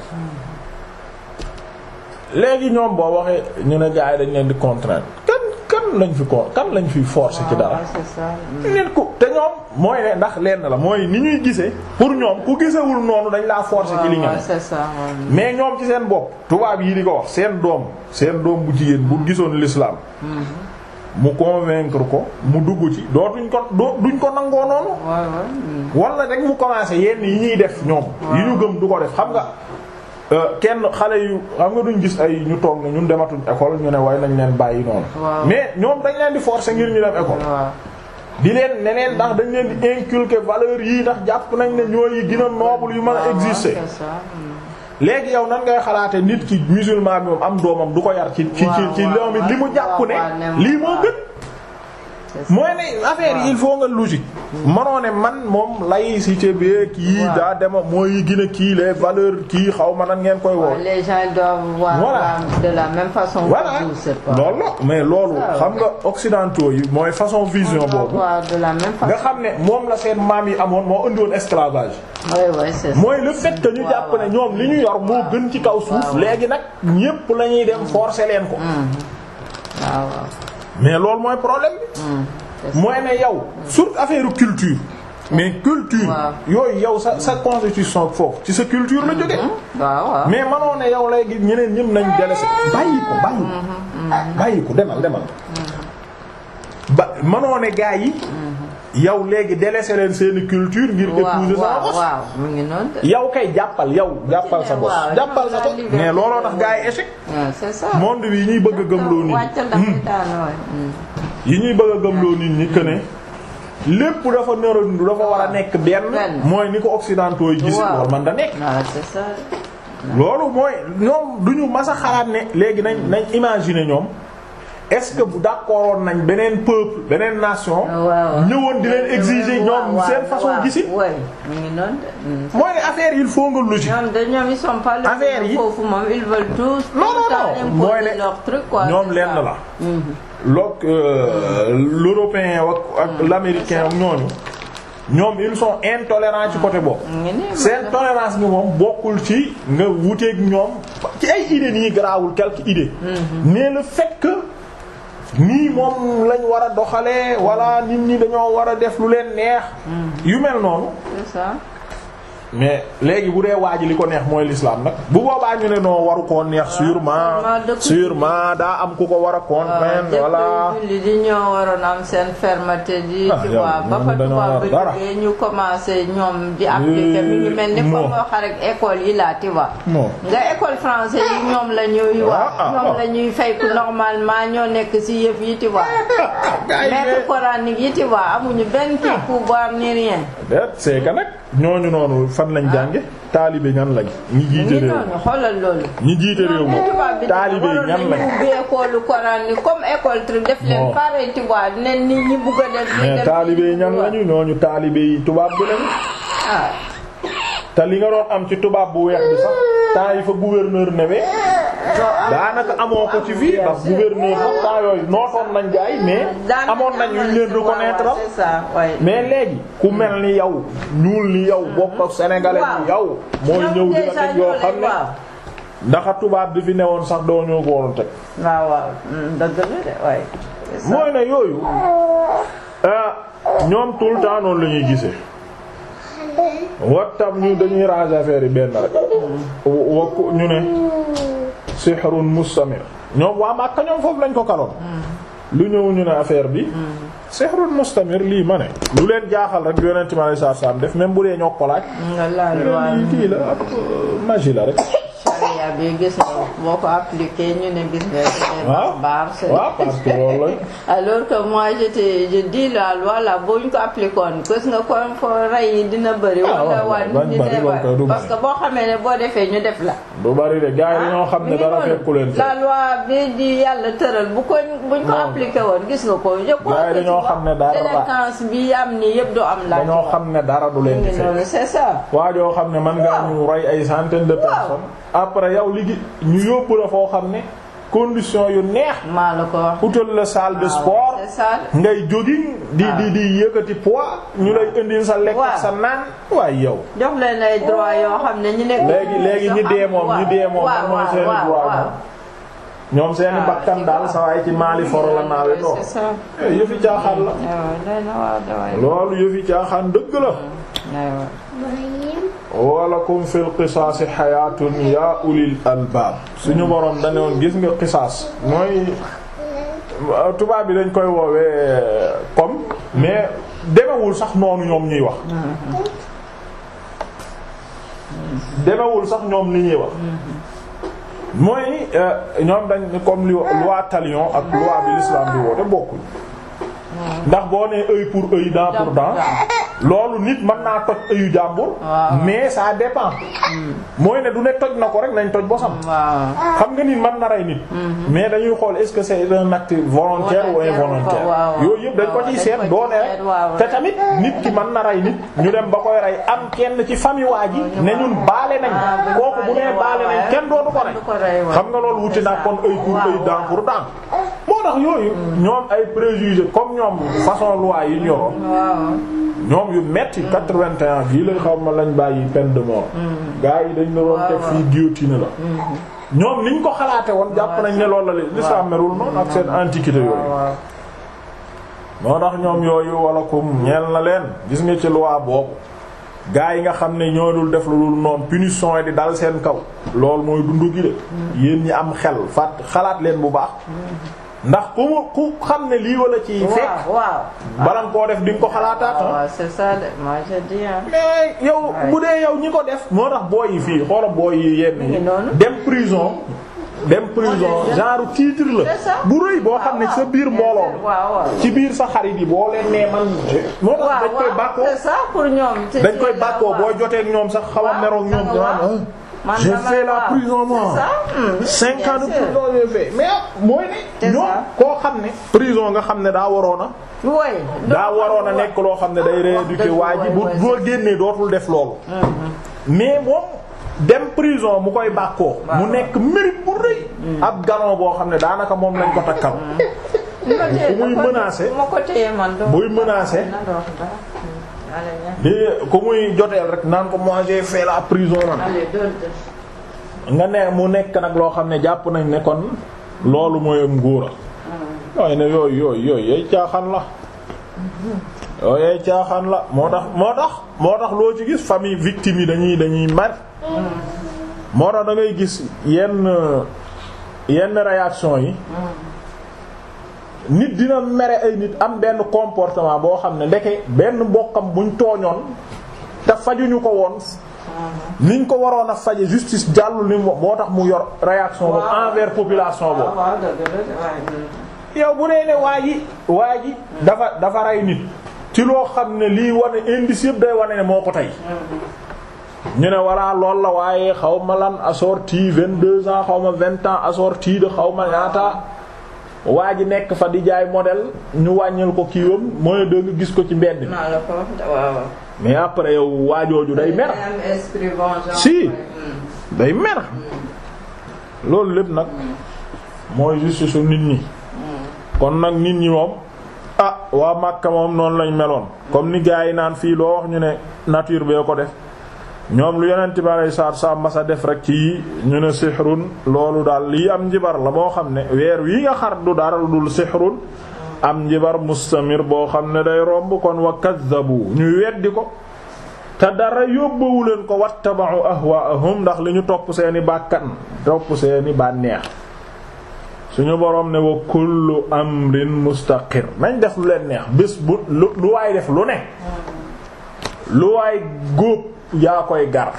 léegi ñoom boo waxee ñu ne gars yi dañ leen di contraindre kan kan lañ fi ko kan lañ fi forcer ci dara ah, mm. nit ku te ñoom mooy ne ndax lenn la mooy ni ñuy gisee pour ñoom ku gisewul noonu dañ laa forcer ci li nga mais ñoom ci seen bopp tubaab yi di ko wax seen doom seen doom bu jigéen bu gisoon lislaam mm-hmm. mu convaincre ko mu dugg ci dootuñ ko doo duñ ko nangoo noonu. Hmm. wala rek mu commencé yenn yi ñuy def ñoom. yi ñu gëm du ko def xam nga. Euh, kenn xale yu xam nga duñ gis ay ñu toog ne ñun dematuñ école ñu ne way nañ leen bàyyi noonu. mais ñoom dañ leen di forcer ngir ñu dem école. di leen neneen ndax dañ leen di inculquer valeur yii ndax jàpp nañ ne ñooy yi gën a noble yu mën a exister. léegi yow nan ngay xalaate nit ci musulman bi am doomam du ko yar. ci ci ci li mu jàppu ne lii moo gën. mooy ne affaire yi il faut nga logique. mënoo ne man moom laïcité bi kii daa dema mooy gën kii les valeurs kii xaw ma nan ngeen koy woo. les gens doivent voir de la même façon. mais loolu xam nga occidentaux yi mooy façon vision boobu. nga xam ne moom la seen maam yi amoon moo indi woon esclavage. mooy le fait que ñu jàpp ne ñoom li ñu yor moo gën ci kaw suuf léegi nag ñépp lañuy dem forcer leen ko. waaw waaw. mais loolu mooy problème bi. Hmm, mooy ne yow surtout affaire culture. mais culture. yooyu yow sa sa constitution foofu ci sa culture la hmm, jógee. waaw mais mënoo ne yow lay gis ñeneen ñëpp nañu délaissé bàyyi ko bàyyi ko. Hmm, bàyyi ko demal demal. ba mënoo gaa yi. yow léegi délaissé leen seeni culture ngir épouser sa bopp waaw mu ngi noonu yow kay jàppal yow jàppal sa bopp jàppal sa bopp mais looloo tax gars yi échec monde yi ñuy bëgg a gëmloo nit ñi mm. yi ñuy bëgg a gëmloo nit ñi que lépp dafa nëron dafa war a nekk benn mooy ni ko occidentaux yi loolu man da nekk c'est mooy ñoom duñu mas a xalaat ne léegi nañ nañ imagine ñoom est-ce que bu d'accord nañ beneen peuple beneen nation. Ah, ñëwoon di leen exiger ñoom seen façon gisin. Mm, mooy ne affaire il faut nga lu ñoom de affaire yi foofu moom ils veulent tous. non mooy ne ñoom lenn la. Mm-hmm. loog euh, l'européen ak mm, l'américain ak ñoom ils sont intolérants ci côté mm. boobu. seen tolérance bi moom bokkul ci nga wuteeg ñoom. ci ay idées nii garaawul quelques idées. Mm-hmm. mais le fait que. nii moom lañ war a doxalee walla nit ñi dañoo war a def lu leen neex. Mm. yu mel noonu. mais léegi bu dee waaji li ko neex mooy l'islam nag bu boobaa ñu ne noo waru koo neex sûrement ah, sûrement daa am ku ko war a contraindre ah, voilà julli am ah, ñu commencé ñoom di appliquer mi mel ni comme wax rek école yi laa ti nga école français yi ñoom la ñuy wax ñoom la ñuy ku normalement ñoo nekk si yëf yi ti wa maître yi ti amuñu benn kii pouvoir ni rien c'est que nag ñooñu noonu fan lañ ah. jànge taalibe ñan lañ ñi jiite réew mi xoolal loolu jiite réew mi taalibe ñan lañ mais taalibe ñan lañu ñooñu taalibe tubaab bi lañ ah. te li nga doon am ci tubaab bu weex bi sax temps yi fa gouverneur newee daanaka amoo ko ci fii ndax gouverneur sax taa yooyu nootoon nañ gaa yi mais. amoon nañ ñu leen reconnaître mais léegi ku mel ni yow ñuul ni yow bokk ak sénégalais ni yow. mooy ñëw di teg yoo xam ne. ndax tubaab di fi newoon sax doo ñëw ko woon teg. Mm, mooy ne yooyu. Ah, ñoom tout le temps noonu la ñuy ñu dañuy ranger benn rek. Mm-hmm. wa ñu ne. sihrun mustamir ñoom waa Makka ñoom foofu lañ ko kaloon lu ñëw ñu ne bi sihrun mustamir ma ne lu leen jaaxal rek yonenti ma lay saar saam def même bu dee ñoo ko laaj kii la euh, magie la rek sharia bi gis nga boo ko appliqué ñu ne bis nga barbare alors que moi j'étais je dis la loi ko appliqué woon gis nga ko fo rey yi ah, dina bëri defee ñu def la du bëri de gars yi ah, ñoo xam ne dara fekku leen la loi bi di yàlla tëral bu ko buñ ko appliqué woon gis nga ko je crois que dañoo xam ne dara délinquance bi am ni yëpp du am la dañoo xam ne dara du leen mm, c'est ça waa joo xam ne man nga ñu rey ay centaine de personnes après yow ligi ñu yóbbu la foo xam ne condition yu neex. maa la ko wax utal de sport. ngay jogging di ah. di di yëkkati poids. ñu lay indil sa lekk sa naan. waaye yow. jox leen ay ne ñu léegi léegi ñu dee moom ñu dee moom. waaw waaw seen i moom. ñoom seen i ah, bakkan daal sa waay ci maali foro la naawe toog. Eh, yëfi caaxaan la. Ah, loolu yëfi caaxaan dëgg la. walakum fil qisaasi xayaatun yaa ulil albaab suñu boroom dañu woon gis nga qisaas mooy tubaab bi dañ koy woowee comme mais demewul sax noonu ñoom ñuy wax demewul sax ñoom li ñuy wax mooy eh, ñoom dañ comme loi talion ak loi bi l'islam bi woote bokkuñ ndax boo nee œil pour œil dent pour dent loolu nit mën naa toj ayu jàmbur. mais ça dépend. mooy ne du ne toj na ko rek nañ toj bosam. xam nga nit mën na rey nit. Mm-hmm. mais dañuy xool est-ce que c'est un acte volontaire ou involontaire. yooyu yëpp dañ ko ciy seet doo ne rek. te tamit nit ki mën na rey nit ñu dem ba koy rey am kenn ci famille waa ji ne ñun baale nañ ah, kooku bu nee baale nañ kenn dootu ko rey. xam nga loolu wuti na kon ay tur ay daan pour daan. moo tax yooyu ñoom ay préjugés comme ñoom façon loi yi ñoroon ñoom yu metti quatre-vingt-un fii lañ xaw ma lañ bàyyi peine de mm-hmm. yi dañ la doon teg fii mm-hmm. ñoom niñ ko xalaate woon jàpp nañ ne loolu la li l'islam merul noonu ak seen antiquité yooyu moo tax ñoom yooyu wala kum ñeel na leen gis nga ci loi boobu gaa yi nga xam ne ñoo dul def lu dul noonu punition yi daal seen kaw lool mooy dundu gi de mm-hmm. yéen ñi am xel fàtt xalaat leen bu baax ndax ku mu ku xam ne lii wala ciy fekk waaw balan koo def di nga ko xalaataat ah. c'est ça mais yow bu dee yow ñi ko def. moo tax booy yi fii xoolal booy yi yenn dem prison. dem prison genre titre la. bu rëy boo xam ne ah, sa biir mbooloo. ci biir sa xarit yi boo leen nee man. moo tax dañ koy bàkkoo dañ koy bàkkoo boo jotee ñoom sax xaw a meroog ñoom. j'ai fait la prison moi. Hmm, cinq mais mooy ne. ñoom koo xam ne. prison nga xam ne daa waroon a. daa waroon a nekk loo xam ne day rééduquer waa ji bu boo génnee dootul def loolu. Hmm, hmm. mais moom. dem prison mu koy bàkkoo mu nekk mérite bu rëy ab galon boo xam ne daanaka moom lañ ko takkal bu muy menacer buy menacer di ku muy joteel rek naan ko moi j'ai fait la prison man nga ne mu nekk nag loo xam ne jàpp nañ ne kon loolu mooy nguura ah. yooyu ne yooyu yooyu yay caaxaan la yooyu yay caaxaan la moo tax moo tax moo tax loo ci gis famille victime yi dañuy dañuy mar ah. moo tax da gis yenn yenn réaction yi ah. nit dina mere ay nit am benn comportement boo xam ne ndeke benn mbokkam buñ tooñoon te fajuñu ko woon uh-huh. niñ ko waroon a faje justice jàll ni moo tax mu yor réaction boobu envers population boobu ah, yow bu nee ne waa ji waa ji dafa dafa rey nit ci loo xam ne lii wane indice yëpp day wane ne moo ko tey uh-huh. ñu ne voilà lool la waaye xaw ma lan assorti vingt deux ans xaw ma vingt ans assorti de xaw ma ñaata waa ji nekk fa di jaay model ñu wàññil ko kiiwam mooy dëgg gis ko ci mbedd mi mais après yow waajooju day mer si hmm. day mer hmm. loolu lépp nag mooy juste su nit ñi hmm. kon nag nit ñi moom ah waa Makka moom noonu lañ meloon comme ni gaa yi naan fii loo wax ñu ne nature bee ko def ñoom lu yonent bi aleyhi salaatu salaam masa def rek ci ñu ne sixrun loolu daal lii am njibar la boo xam ne weer wi nga xar du dara lu dul sixrun am njibar mustamir boo xam ne day romb kon wa kaddabu ñuy weddi ko te dara yóbbawu leen ko wattaba'u ahwaa'ahum ndax li ñu topp seeni bàkkan topp seeni bànneex suñu boroom ne wa kullu amrin mustaqir nañ def lu leen neex bés bu lu waay def lu ne lu waay góob yaa koy gar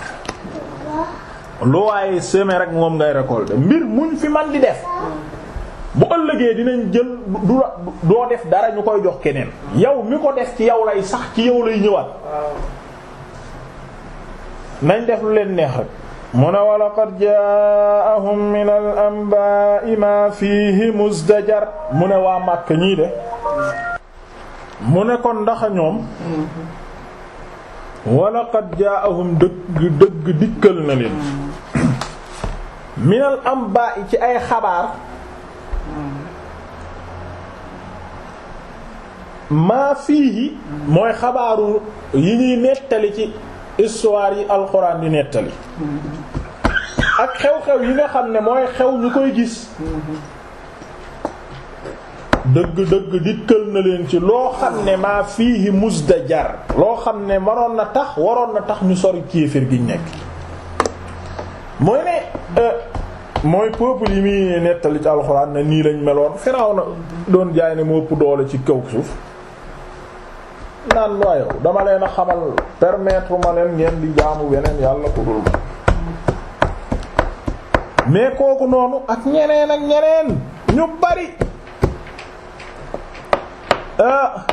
lu waaye semer rek moom ngay récolter mbir muñ fi man di def bu ëllëgee dinañ jël du doo def dara ñu koy jox keneen yow mi ko def ci yow lay sax ci yow lay ñëwaat nañ def lu leen neex rek mu ne wa laqad jaa'ahum min al anbaa'i ma fiihi muzdajar mu ne waa Màkka ñii de mu ne kon ndaxa ñoom wala jaa jaa'ahum dëgg dëgg dikkal na leen minal ambaa ci ay xabaar maa yi mooy xabaaru yi ñuy nettali ci histoire yi alxuraan di nettali ak xew-xew yi nga xam ne mooy xew ñu koy gis dëgg-dëgg dikkal na leen ci loo xam ne maa fiihi musdajar loo xam ne waroon na tax waroon na tax ñu sori kéefër gi ñu nekk mooy ne euh, mooy peuple yi muy nettali ci alxuraan ne nii lañ meloon Firawna doon jaay ne mu ëpp doole ci kaw suuf naan waaye dama leen a xamal permettre ma leen ngeen di jaamu weneen yàlla ko dul ma mais kooku noonu ak ñeneen ak ñeneen ñu bari Ah.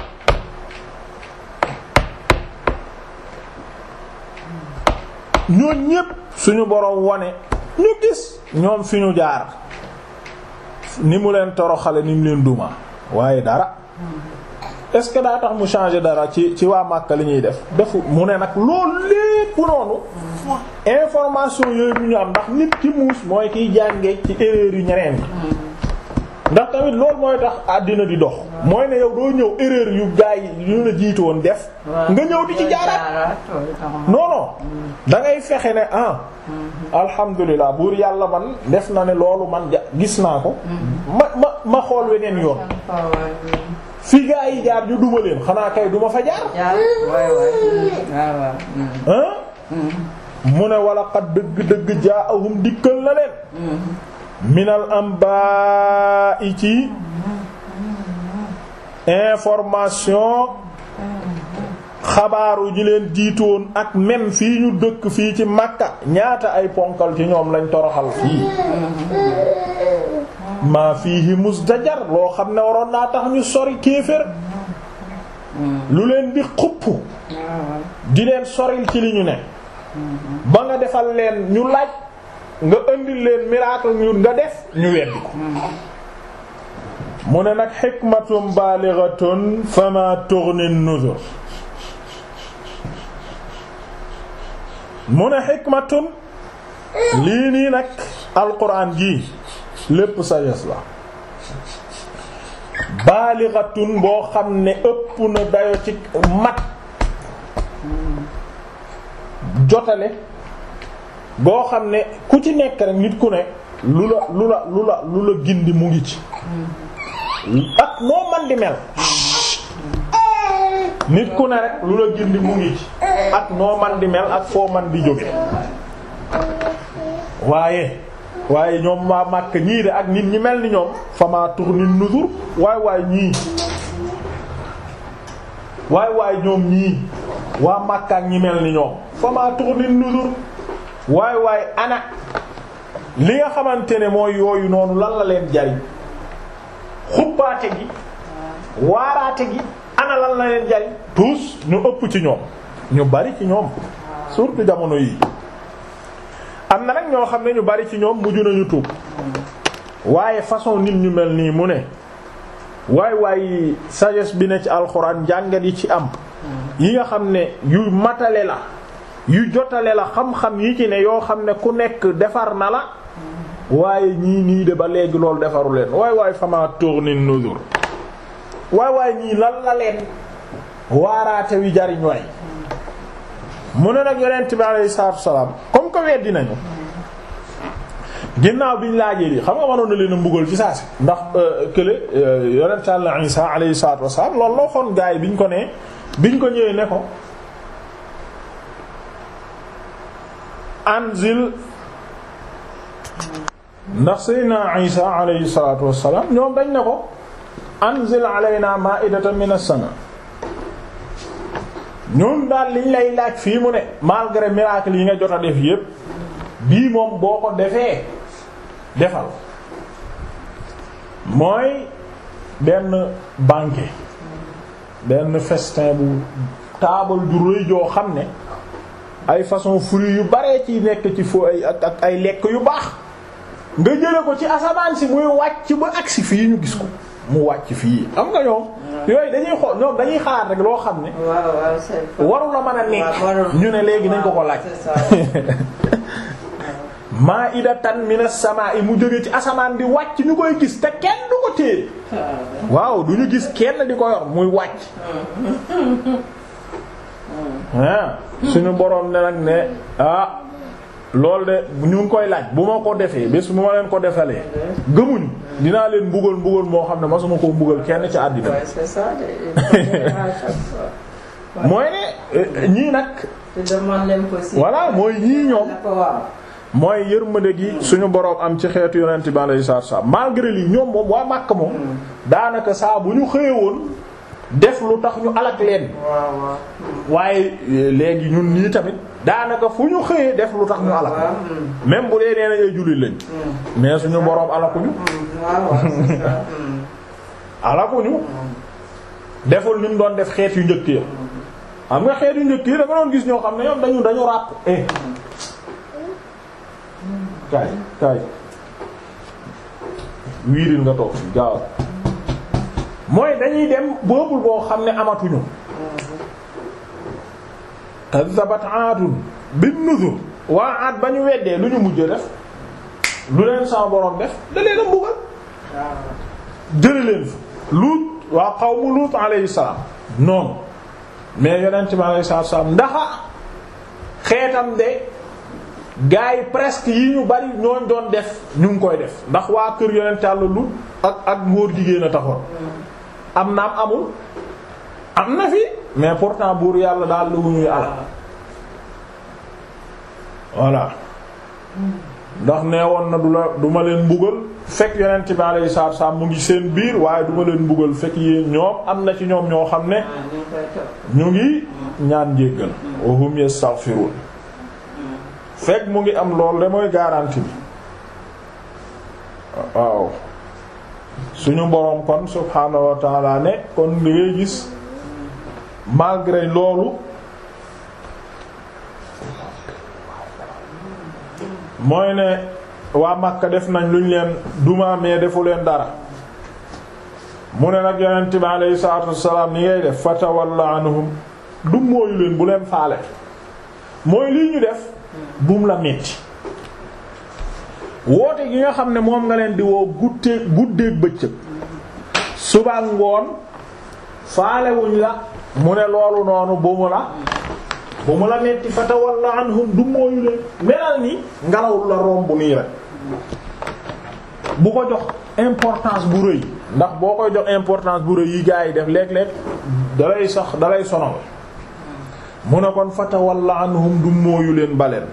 ñoo ñépp suñu boroom wane ñu gis ñoom fi ñu jaar ni mu leen toroxale ni mu leen duma waaye dara est-ce que daa tax mu changer dara ci ci waa Màkka li ñuy def defu mu ne nag loolu lépp noonu information yooyu bu ñu am ndax nit ki muus mooy kiy jànge ci erreur yu ñeneen yi ndax tamit lool mooy tax àddina di dox mooy ne yow doo ñëw erreur yu gaay yu la jiitu woon def nga ñëw di ci jaaraat non non fexe ne ah mm-hmm. alhamdulilah buur yàlla man def na ne loolu man gis naa ko mm-hmm. ma ma ma xool weneen yoon fi gaa yi jaar ñu duma leen xanaa kay duma fa jaar mm-hmm. Ah? mu ne wala xat dëgg dëgg jaa ahum dikkal na leen minal amba i ci information xabaaru ji leen jiitoon ak même fii ñu dëkk fii ci Makka ñaata ay ponkal ci ñoom lañ toroxal fii maa fiihi musdajar loo xam ne waroon naa tax ñu sori kéefër lu leen di xupp di leen soril ci li ñu ne ba nga defal leen ñu laaj nga andil leen miracle ñu nga def ñu weddi ko mu ne nag xikmatum balighatun fama tughni an mu ne xikmatun lii nii nag alquran gii lépp sagesse la balighatun boo xam ne ëpp na dayo ci mat jotale boo xam ne ku ci nekk rek nit ku ne lu la lu la lu la lu la gindi mu ngi ci ak noo man di mel nit ku ne rek lu la gindi mu ngi ci ak noo man di mel ak foo man di jóge waaye waaye ñoom waa màkk ñii ak nit ñi mel ni ñoom fama tuxni nuzur waay ñi mel waay waay ana li nga xamante ne mooy yooyu noonu lal la leen jariñ xuppaate gi waaraate gi ana lan la leen jariñ tous ñu ëpp ci ñoom ñu bari ci ñoom surtout jamono yi am na nag ñoo xam ne ñu bari ci ñoom mujj nañu tuub waaye façon nit ñu mel nii mu ne waaye waay sagesse bi ne ci alxuraan njàngat yi ci am yi nga xam ne yu matale la yu jotale la xam-xam yi ci ne yoo xam ne ku nekk defar na la waaye ñii nii de ba léegi loolu defaru leen waay waay fama tourni nuzur waay waay ñii lan la leen waaraate wi jariñ waay mu ne nag yonent bi alayhi salaatu wasalaam comme que weddi nañu ginnaaw biñ laajee lii xam nga mënoon na leen a mbugal saa si ndax euh, kële euh, yonent Yàlla Isaa alayhi salaatu wasalaam loolu la waxoon gaa yi biñ ko nee biñ ko ñëwee ne ko anzil ndax Seydina Isa alayhi salaatu wassalaam ñoom dañ ne ko anzil alaynaa maa'idatan mina samaa ñoom daal liñ lay laaj fii mu ne malgré miracle yi nga jot a def yépp bii moom boo ko defee defal mooy benn banquet benn festin bu taabal ju rëy joo xam ne ay façon fruits yu bare ci nekk ci foo ay ak ay lekk yu baax nga jële ko ci asamaan si muy wàcc ba agsi fii ñu gis ko mu wàcc fii am nga ñoom. yooyu dañuy xool ñoom dañuy xaar rek loo xam ne. waru la mën a nekk. ñu ne léegi nañ ko ko laaj. ma'idatan minas samaa'i mu jóge ci asamaan di wàcc ñu koy gis te kenn du ko téye. waaw du ñu gis kenn di ko yor muy wàcc. suñu boroom ne nag ne ah loolu de ñu koy laaj bu ma ko defee bés bu ma leen ko defalee gëmuñu dinaa leen mbugal mbugal moo xam ne ma suma koo mbugal kenn ci àddina mooy ne euh, ñii nag voilà mooy ñii ñoom mooy yërmande gi suñu boroom am ci xeetu yonent bi alayhi salaatu wa salaam malgré lii ñoom moom waa Makka moom mm. daanaka saa bu ñu xëyewoon def lu tax ñu alak leen waaye léegi ñun nii tamit daanaka fu ñu xëyee def lu tax ñu alak même bu dee nee na ay jullit lañ mais suñu boroom alakuñu alakuñu deful ni mu doon def xeet yu njëkk yi xam nga xeet yu njëkk yi da doon gis ñoo xam ne ñoom dañu dañu ràpp eh kaay kaay wiiril nga toog mooy dañuy dem boobul boo xam ne amatuñu kazzabat aadun bin nuzur waa aat ba ñu weddee lu ñu mujj def lu leen sama borom def da leen a mbugal jële fa luut waa qawmu luut alayhi salaam noonu mais yonent bi alayhi salaam ndax xeetam de gars yi presque yi ñu bari ñooñ doon def ñu ngi koy def ndax waa kër yonent Yàlla Luut ak ak ngóor jigéen a taxoon am naam amul am na fi mais pourtant buur yàlla daal lu ñuy alal voilà ndax nee woon na du la du ma leen mbugal fekk yonent bi alayhi salaatu salaam mu ngi seen biir waaye du ma leen mbugal fekk yéen ñoom am na ci ñoom ñoo xam ne ñu ngi ñaan njéggal wa hum yastaghfirun fekk mu ngi am lool de mooy garantie bi waaw suñu boroom kon subhaanahu wa ne kon li gis malgré loolu mooy ne waa Makka def nañ luñ leen duma mais defu leen dara mu ne nag yonent bi alayhi salaatu wassalaam ni ngay def fatawalla anhum du mooyu leen bu leen faale mooy lii ñu def buum la metti woote gi nga xam ne moom nga leen di woo guddee guddeeg bëccëg suba ngoon faalewuñ la mu ne loolu noonu bu mu la bu mu la metti fatawalla anhum du mooyu leen melal ni ngelaw la romb nii rek bu ko jox importance bu rëy ndax boo koy jox importance bu rëy yi gaa yi def léeg-léeg dalay sax dalay sonal mu ne kon fatawalla anhum du mooyu leen baleen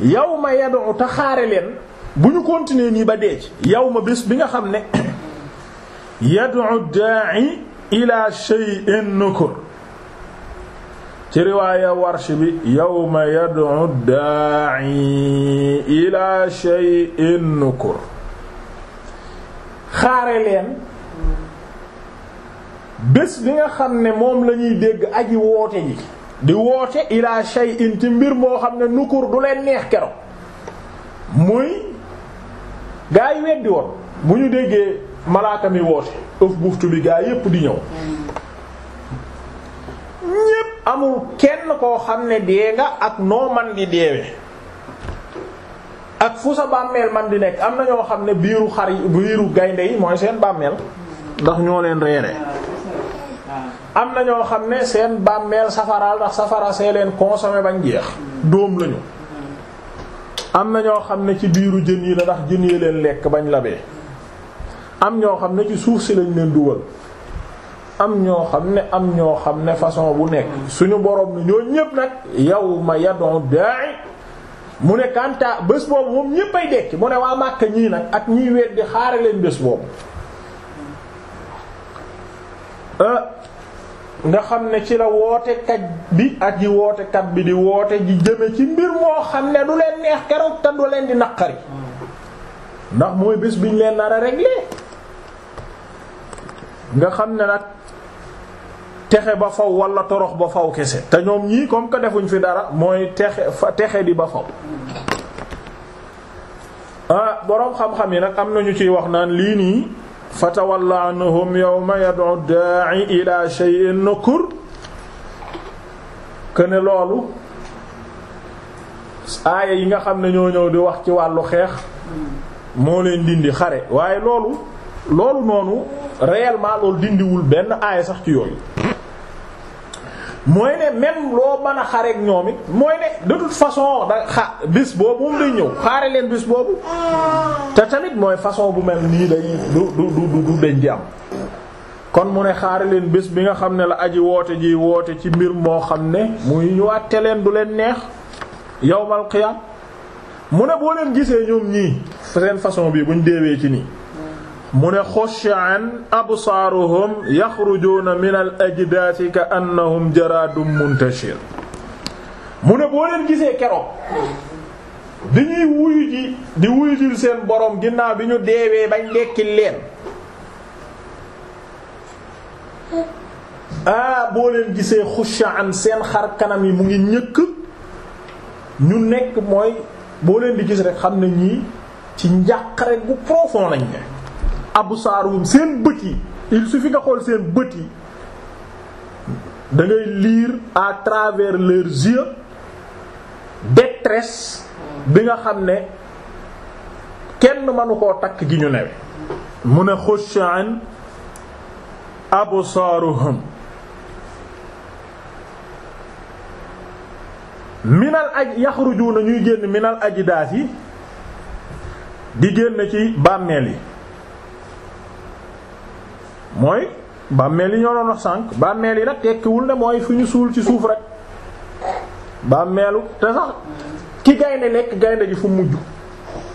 yow ma yad'u te xaare leen bu ñu continuer nii ba dee ci yow ma bés bi nga xam ne yad'u da'i ila shay'in nukur ci riwaaya warsh bi yawma yad'u da'i ila shay'in nukur xaare leen bés bi nga xam ne moom lañuy dégg aji woote ji di woote ila shay'in ci mbir moo xam ne nukur du leen neex kero muy gaa yi weddi woon bu ñu déggee malaaka mi woote ëf buftu bi gaa yépp di ñëw ñépp amul kenn koo xam ne dee nga ak noo man di deewe ak fu sa bàmmeel man di nekk am na ñoo xam ne biiru xar yi biiru gaynde yi mooy seen bàmmeel ndax ñoo leen reere am na ñoo xam ne seen bàmmeel safaraal ndax safara see leen consommé bañ jeex doom lañu am na ñoo xam ne ci biiru jën yi la ndax jën yi leen lekk bañ la labee am ñoo xam ne ci suuf si lañ leen dugal am ñoo xam ne am ñoo xam ne façon bu nekk suñu boroom ne ñoo ñépp nag yow ma yadon da'i mu ne kanta bés boobu moom ñépp ay dekki mu ne waa Màkka ñii nag ak ñiy weddi xaare leen bés boobu euh, nga xam ne ci la wootekat bi ak yi wootekat bi di woote ji jëme ci mbir moo xam ne du leen neex keroog te du leen di naqari ndax mooy bés biñ leen nara a régler nga xam ne nag texe ba faw wala torox ba faw kese te ñoom ñii comme que defuñ fi dara mooy texe fa texe di ba faw ah boroom xam-xam yi nag am na ñu ciy wax naan lii nii fatawalla anhum yawma yad'u da'i ila shay'in nukur këne loolu aaya yi nga xam ne ñoo ñëw di wax ci wàllu xeex moo leen dindi xare waaye loolu loolu noonu réellement loolu dindiwul benn aaya sax ci yooyu mooy ne même loo mën a xareek ñoom it mooy ne de toute façon da xa bis boobu moom lay ñëw xaare leen bis boobu te tamit mooy façon bu mel nii day du du du du di am kon mu ne xaare leen bis bi nga xam ne la aji woote ji woote ci mbir moo xam ne muy ñu àtte leen du leen neex yawmal qiyaam mu ne boo leen gisee ñoom ñii seen façon bi buñ deewee ci nii mu ne xushiya an absaaruhum yaxrujuuna min al ajdaasi ka annahum jaraadun muntashir mu ne boo leen gisee keroog bi ñuy wuyu di wuyu seen boroom ginnaaw bi ñu deewee bañ dekkil leen ah boo leen gisee xushiya an seen xar kanam yi mu ngi ñëkk ñu nekk mooy boo leen di gis rek xam ne ñii ci njàqare gu profond lañ ne absaaruhum seen bët yi il suffit nga xool seen bët yi da ngay lire à travers leurs yeux bi nga xam ne kenn mënu koo takk gi ñu newe mu ne xushan absaaruhum minal aj yaxrujuuna ñuy génn minal ajdaas yi di génn ci bàmmeel yi mooy bàmmeel yi ñoo doon wax sànq bàmmeel yi nag tekkiwul ne mooy fu ñu suul ci suuf rek bàmmeelu te sax ki gaynde nekk gaynde ji fu mujj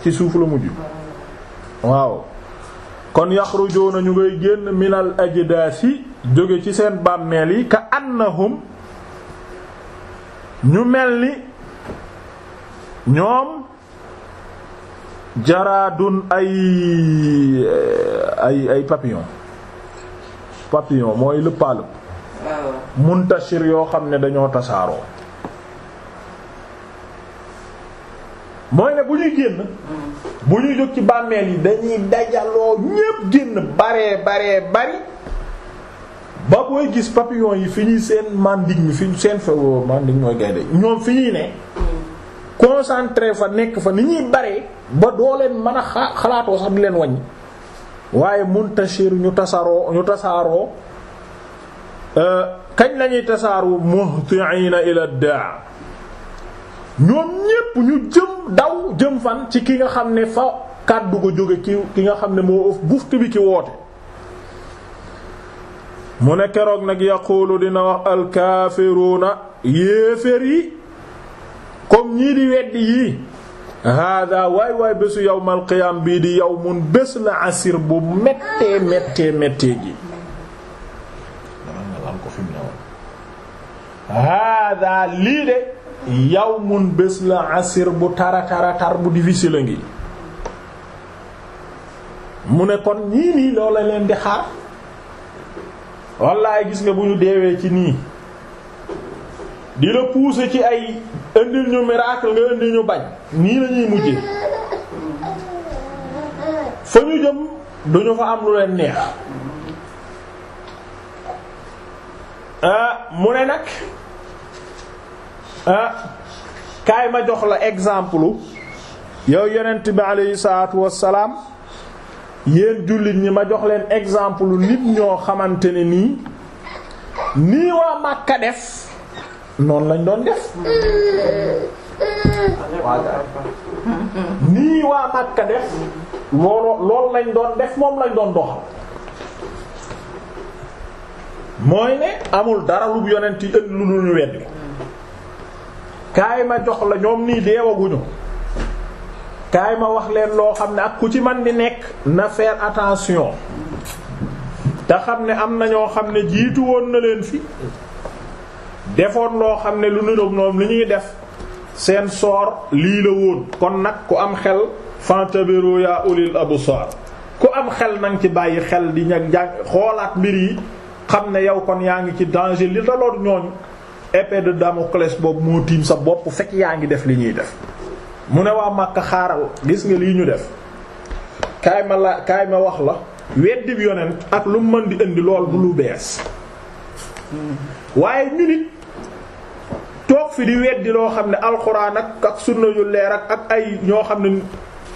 ci suuf la mujj waaw kon yaxrujuuna ñu ngay génn minal ajdaasi jóge ci seen bàmmeel yi ka annahum ñu mel ni ñoom jaraadun ay ay ay papillon papillon mooy lëppaalëpp muntashir yoo xam ne dañoo tasaaroo mooy ne bu ñuy génn mm. bu ñuy jóg ci bàmmeel yi dañuy dajaloo ñépp génn baree baree bari ba booy gis papillon yi fi ñuy seen mandig mi fi seen fa oh, mandig mooy gaynde ñoom fi ñuy ne mm. concentré fa nekk fa ni ñuy baree ba doo leen mën a xalaatoo sax di leen wàññi waaye muntashir ñu tasaroo ñu tasaaroo euh, kañ lañuy tasaaru muhti'ina ila daa ñoom ñépp ñu jëm daw jëm fan ci ki nga xam ne fa kàddu ko jóge ki ki nga xam ne moo ëf buftu bi ki woote mu ne keroog nag yaqulu dina wax na yéeféer yi comme ñii di weddi yii hada waay waay bésu yawmal qiyaam bii di yawmun bés la asir bu méttee méttee méttee gi hada lii de yawmun bés la asir bu tara tara tar bu difficile a ngi mu ne kon ñii nii loola leen di xaar wallaay gis nga bu ñu deewee ci nii di la ci ay indil ñu miracle nga indil ñu bañ nii lañuy mujje fa ñu jëm duñu fa am lu leen neex ah, mu ne nag ah, kaay ma jox la exemple yow yonent bi aleyhi salaatu wassalaam yéen jullit ñi ma jox leen exemple nit ñoo xamante ne nii nii waa Makka def noonu lañ doon def nii waa Makka def loolu loolu lañ doon def moom lañ doon doxal mooy ne amul dara lu yonent yi lu ñu wedd kaay ma jox la ñoom nii deewaguñu kaay ma wax leen loo xam ne ak ku ci man di nekk na faire attention te xam ne am na ñoo xam ne jiitu woon na leen fi defoon loo xam ne lu niroog noom li ñuy def seen soor lii la woon kon nag ku am xel fantabiru yaa abu absar ku am xel nang ci bàyyi xel di ñag jàng xoolaat mbir yi xam ne yow kon yaa ngi ci danger li daloon ñooñu épée de boobu moo tiim sa bopp fekk yaa ngi def li ñuy def mu ne waa Makka xaaral gis nga lii ñu def kaay ma la kaay ma wax la weddi bi yonent ak lu mën di indi lool du lu bees waaye ñu nit toog fi di weddi loo xam ne alxuraan ak ak sunna yu leer ak ay ñoo xam ne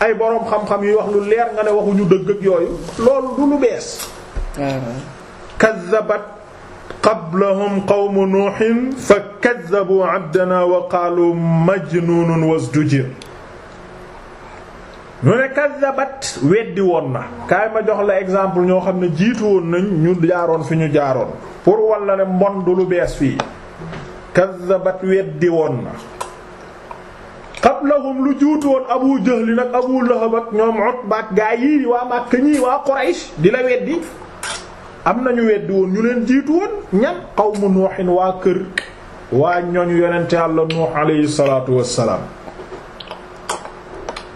ay boroom xam-xam yuy wax lu leer nga ne waxuñu dëgg ak yooyu loolu du lu bees kaddabat qablahum qawmu nuuhin fa kaddabu abdana wa qaalu majnuunun wasdujir ñu ne kaddabat weddi woon na kaay ma jox la exemple ñoo xam ne jiitu woon nañ ñu jaaroon fi ñu jaaroon pour walla ne mbon du lu bees fii kaddabat weddi woon na qablahum lu juutu woon abu jahli nag abu lahab ak ñoom utba gaa yi waa Makka ñii waa Quraysh di la weddi am nañu weddi woon ñu leen jiitu woon ñan qawmu nuuxin waa kër waa ñooñu yonente Yàlla nuux alayhi salaatu wassalaam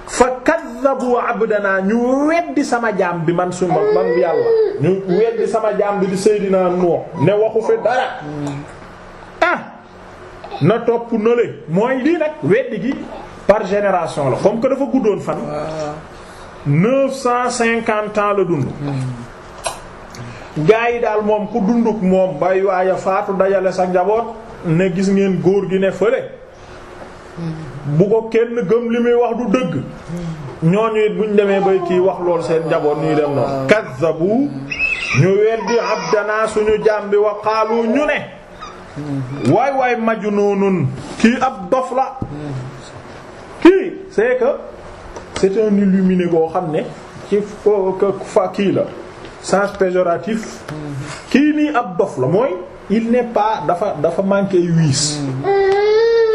fa kaddabu abdanaa ñu weddi sama jaam bi man suma man yàlla ñu weddi sama jaam bi di Seydina Nuux ne waxu fi dara na topp nële mooy lii nag weddi gi par génération la comme que dafa guddoon fan. neuf cent cinquante ans la dund. gaa yi daal moom ku dunduk moom bay waaye faatu dajale sa njaboot ne gis ngeen góor gi ne fële. bu ko kenn gëm li muy wax du dëgg. ñooñu it buñ demee bay kii wax lool seen njaboot ñuy dem noonu. kazzabu ñu weddi abdana suñu jaam bi wa ñu ne. waay waay maj majnuunun kii ab dof la kii c'est que c'est un xam ne ci fa kii la sens péjoratif kii nii ab dof la mooy il n'est dafa dafa manqué wiis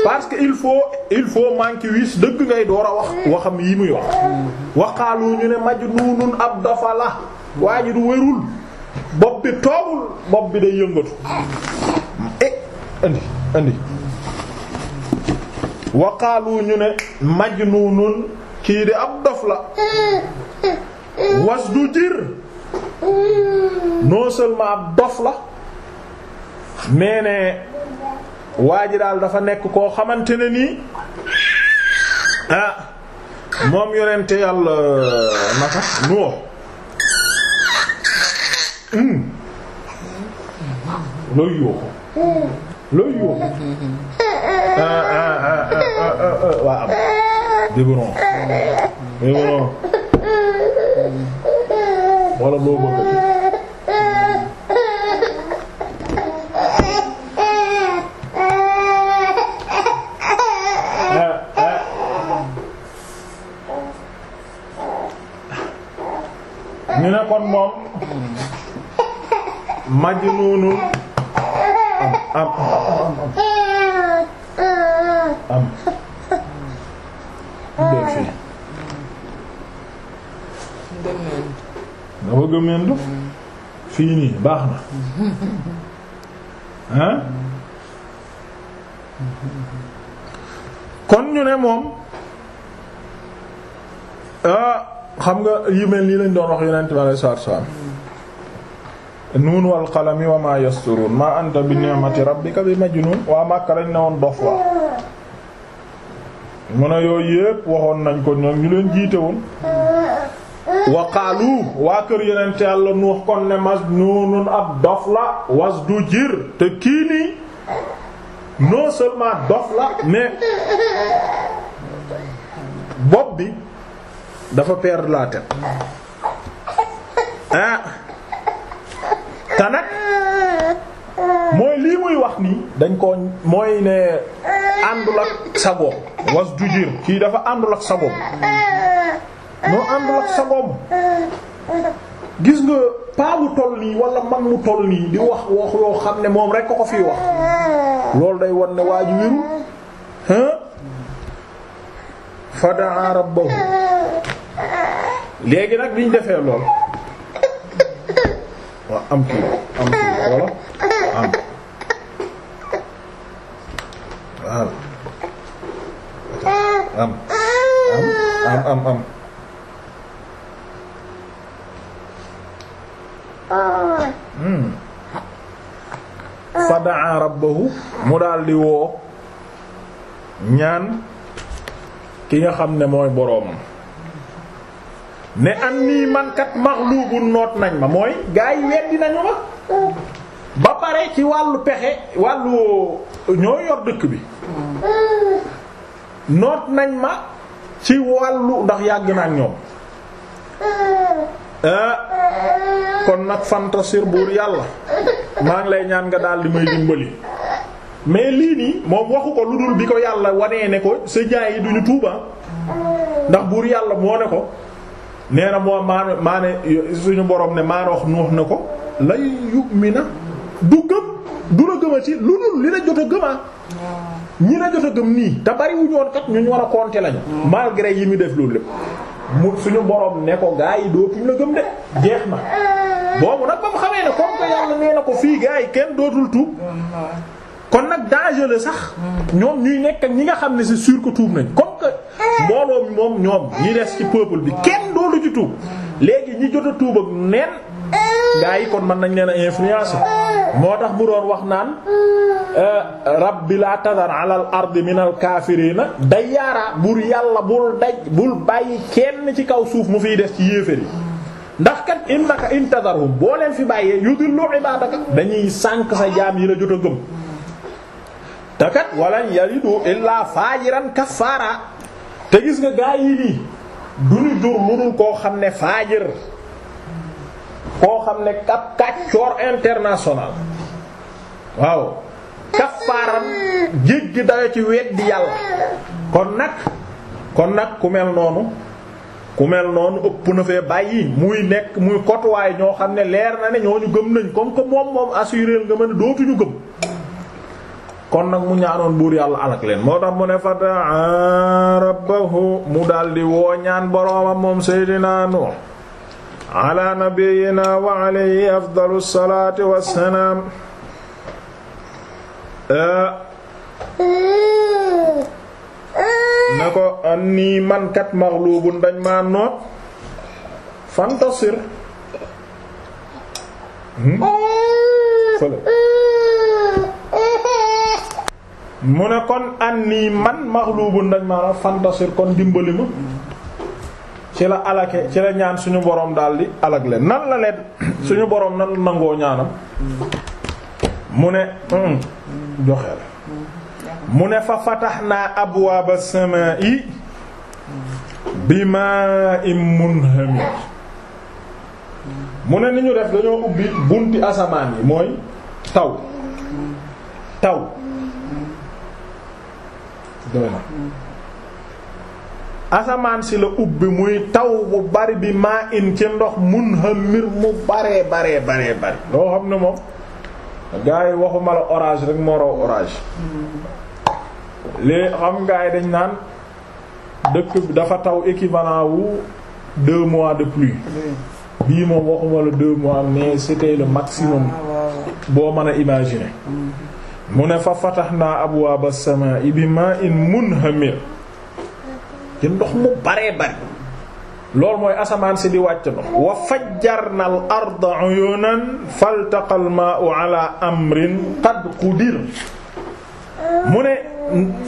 parce que il faut il faut manqué wiis dëgg ngay door a wax waxam yi muy wax waxaalu ñu ne majnuunun ab dofa la waa ji du wérul bopp bi toogul bopp bi day yëngatu indi indi waqaalu ñu ne majnuunun kii di ab dof la was du jir non seulement ab dof la mais waa ji daal dafa nekk koo xamante ne nii ah, moom yonente yàlla naka nuwo loolu yoo ko looy yóbbu. waaw biberon biberon wala loo bëgg ñu ne kon moom majnuunun am am am fii dafa gëmmeentu fii nii baax na hein kon ñu ne moom ah xam nga yu mel nii lañ doon wax yonent bi sallallahu alayhi wasallam nuun wal qalami wa maa yasturuun maa anta bi ni'mati rabbika bi majnuun waa Makka ne woon dof waa mu ne yooyu yépp waxoon nañ ko ñoom ñu leen jiite woon wa waa kër yonent Yàlla Nuux kon ne majnuunun ab dof la wasdujir te kii nii non seulement dof la mais bopp bi dafa perdre la tête ah. muy wax nii dañ koo mooy ne àndul ak sagoom was jujir kii dafa àndul ak sagoom noo àndul ak sagoom gis nga paa bu toll nii wala mag mu toll nii di wax wax yoo xam ne moom rek ko ko fii wax loolu day won ne waa ji wéru fadaa rabbahu léegi nag biñ defee lool waa am kii am kii walla am am am am am hmm. fa rabbahu mu daldi woo ñaan ki nga xam ne mooy boroomam ne am nii mankat maxlubun noot nañ ma mooy gaa yi weddi nañu ma ba pare ci wàllu pexe wàllu ñoo yor dëkk bi noot nañ ma ci wàllu ndax yàgg naa ak ñoom ah, kon nag fantasir buur yàlla maa ngi lay ñaan nga daal di may dimbali mais lii nii moom waxu ko lu dul bi ko yàlla wanee ne ko sa jaay yi duñu tuuba ndax buur yàlla moo ne ko nee na moo maa maa suñu borom ne maa wax nuux ko lay yu'mina du gëm du la gëma ci lu dul li la jot a gëmaa ñi na jot a gëm nii te bari wu ñoon ñu war a compter lañu. malgré yi mu def loolu lépp. mu suñu borom ne ko gaa yi dootuñ la gëm de jeex na boobu nag ba mu xamee ne comme que yàlla nee na ko fii gaa yi kenn dootul tuub. kon nag danger la sax. ñoom ñuy nekk ñi nga xam ne si sûr que tuub nañ comme que mbooloo mi moom ñoom ñi des ci peuple bi kenn dootu ci tuub léegi ñi jot a tuub ak neen. gaa yi kon mën nañ leen a influencer moo tax mu doon wax naan eh, rabbi laa tadar alal ardi minal kaafiriina dayyaaraa bur yàlla bul daj bul bàyyi kenn ci kaw suuf mu fiy def ci yéeféer yi ndax kat innaka intadarhum boo leen fi bàyyee yudillu ibaadaka dañuy sànk sa jaam yi la jot a gëm te kat walan yalidu illaa faajiran kaffaara te gis nga gaa yi nii du ñu jur lu dul koo xam ne faajir koo xam ne ab kàccoor international waaw kaffaaram jéggi dayo ci di yàlla kon nag kon nag ku mel noonu ku mel noonu ëpp na fee bàyyi muy nekk muy kotuwaay ñoo xam ne leer na ne ñu gëm nañ comme que moom moom assuré nga mën a dootuñu gëm kon nag mu ñaanoon buur yàlla alak leen moo tax mu ne fata rabbahu mu daldi woo boroomam moom Seydina Nuh ala nabiyyina wa alayhi afdalu salaati wassalaam na ko nii mankat maghluubun dañ maa noot fantasir mu ne kon an nii man maghluubun dañ maa noot fantasir kon dimbali ma ci la alake ci la ñaan suñu boroom daal di alak leen nan la leen suñu borom nan nangoo ñaanam mu ne joxeel mu ne fa fatahna abwaaba samaa'i bimaa'in munhamir mu ne ni ñu def dañoo ubbi bunti asamaan yi mooy taw taw asamaan si la ubbi muy taw bu bari bi maa in ci ndox mun hamir mu baree baree baree loo xam ne moom gars yi waxuma la rek moo raw orage léegi xam gars yi dañ naan dëkk dafa taw équivalent wu deux mois de pluie bii moom waxuma la mois mais c'était le maximum ah, boo mën a imaginer mm-hmm. mu ne fa fatahnaa abwaaba as-samaa'i bi maa'in munhamir te ndox mu baree bari loolu mooy asamaan si di wàcc ndox wa faj jar na uyunan faltaqa al ma'u ala amrin qad qudir mu ne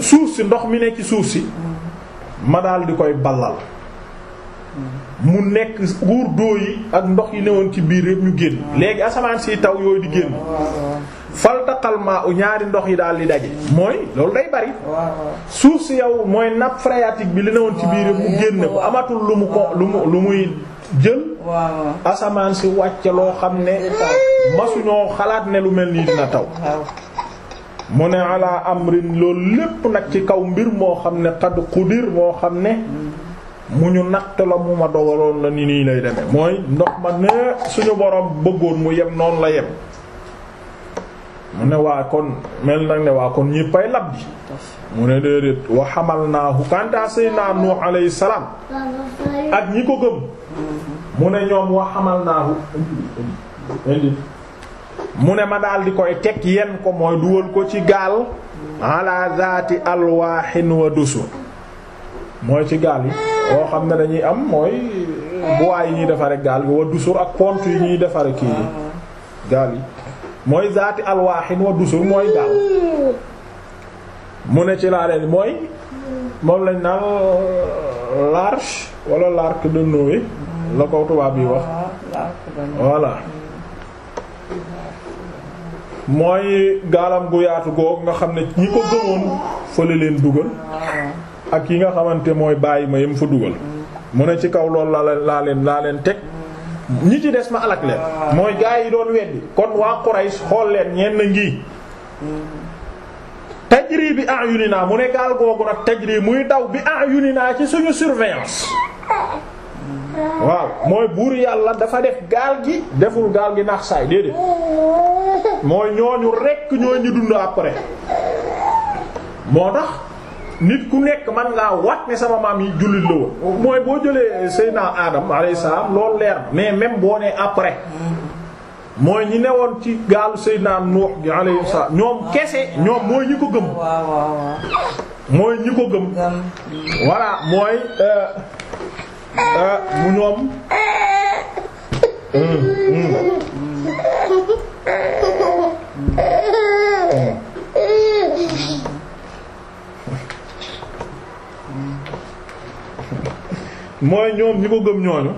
suuf si ndox mi ne ci suuf si ma daldi koy ballal mu nekk guur dóo yi ak ndox yi woon ci biir yëpp ñu génn léegi asamaan si taw yooyu di génn iltaqal u ñaari ndox yi daal di daje mooy loolu day bari suuf si yow mooy nappe phréatique bi li newoon ci biir mu génne ko amatul lu mu ko lu lu muy jël asamaan si wàcce loo xam ne masuñoo xalaat ne lu mel nii dina taw mu ne ala amrin loolu lépp nag ci kaw mbir moo xam ne qad qudir moo xam ne mu ñu natt la mu ma dogaloon la nii lay demee mooy ndox ma ne suñu borom bëggoon mu yem noonu la yem mu ne waa kon mel nag ne waa kon ñëppay lab bi mu ne déedéet wa xamal naahu kanta sayyidina Nuh alayhi salaam ak ñi ko gëm mu ne ñoom wa xamal naahu mu ne ma daal di koy teg yenn ko mooy duwal ko ci gaal ala zaati alwaahin wa dusur mooy ci gaal yi boo xam ne dañuy am mooy bois yi ñuy defare gaal bi wa dusur ak pont yi ñuy defare kii yi gaal yi mooy zaati alwaaxin wa dusur mooy ci laa mooy moom lañ naan l'arche wala la ko tubaab yi wax voilà mooy gaalam gu yaatu googu nga xam ne ñi ko gëmoon fële leen dugal ak yi nga xamante mooy bàyyi ma yem fu dugal mu ne ci kaw loolu laa leen laa laa leen teg ñi ci des ma alak leen ah. mooy gaa yi doon weddi kon waa Quraysh xool leen ñenn ngi hmm. tajri bi a'yunina mu ne gaal googu nag tajri muy daw bi a'yunina ci suñu surveillance hmm. waaw mooy buur yàlla dafa def gaal gi deful gaal gi naax saay déedéet hmm. mooy ñooñu rekk ñooy dund après moo tax nit ku nekk man ngaa wat ne sama maam yi jullit la woon mooy boo jëlee eh, Seydina Adam alayhi salaam loolu leer mais même boo nee après mooy ñi woon ci gaalu Seydina Nuux gi alayhi salaam ñoom kese ñoom mooy ñi ko gëm mooy ñi ko gëm voilà mooy euh, euh, mu ñoom mooy ñoom ñi ko gëm ñooñu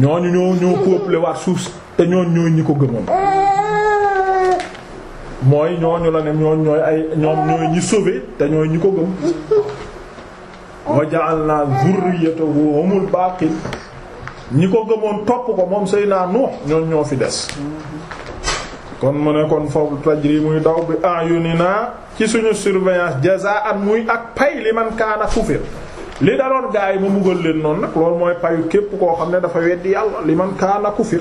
ñooñu ñoo ñoo peuplé waat suuf si te ñooñu ñooy ñi ko gëmoon mooy ñooñu la ne ñooñ ñooy ay ñoom ñooy ñi sauvé te ñooy ñi ko gëm wa ja'alna zurriyatahu humul baaqin ñi ko gëmoon topp ko moom Seydina Nuux ñooñ ñoo fi des kon mu ne kon foofu tajri muy daw bi ayunina ci suñu surveillance jazaan muy ak pay li man kaana kufir li daloon gaa yi ma mbugal leen noonu nag loolu mooy payu képp koo xam ne dafa weddi yàlla li man kaana kufir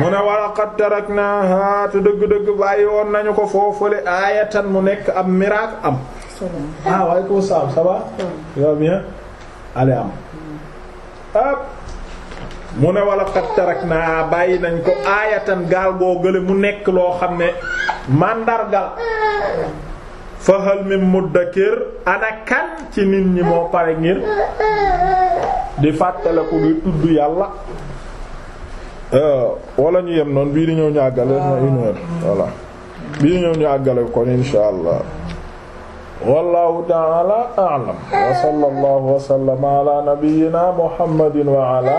mu ne walaqad taraknaha te dëgg-dëgg bàyyi woon nañu ko foofale aayatan mu nekk am miracle am ah waaleykum salaam ça va ça bàyyi nañ ko aayatan gaal goo gële mu nekk loo xam ne màndargal fa min muddakir ana ci nit ñi moo pare ngir di fàttaliku di tudd yàlla euh, wala ñu yem noonu bii ñëw ñu àggale na une heure voilà bii ñëw ñu àggale kon insha allah wallahu ta'ala a'lam wa sallallahu wa sallama ala nabiyyina muhammadin wa ala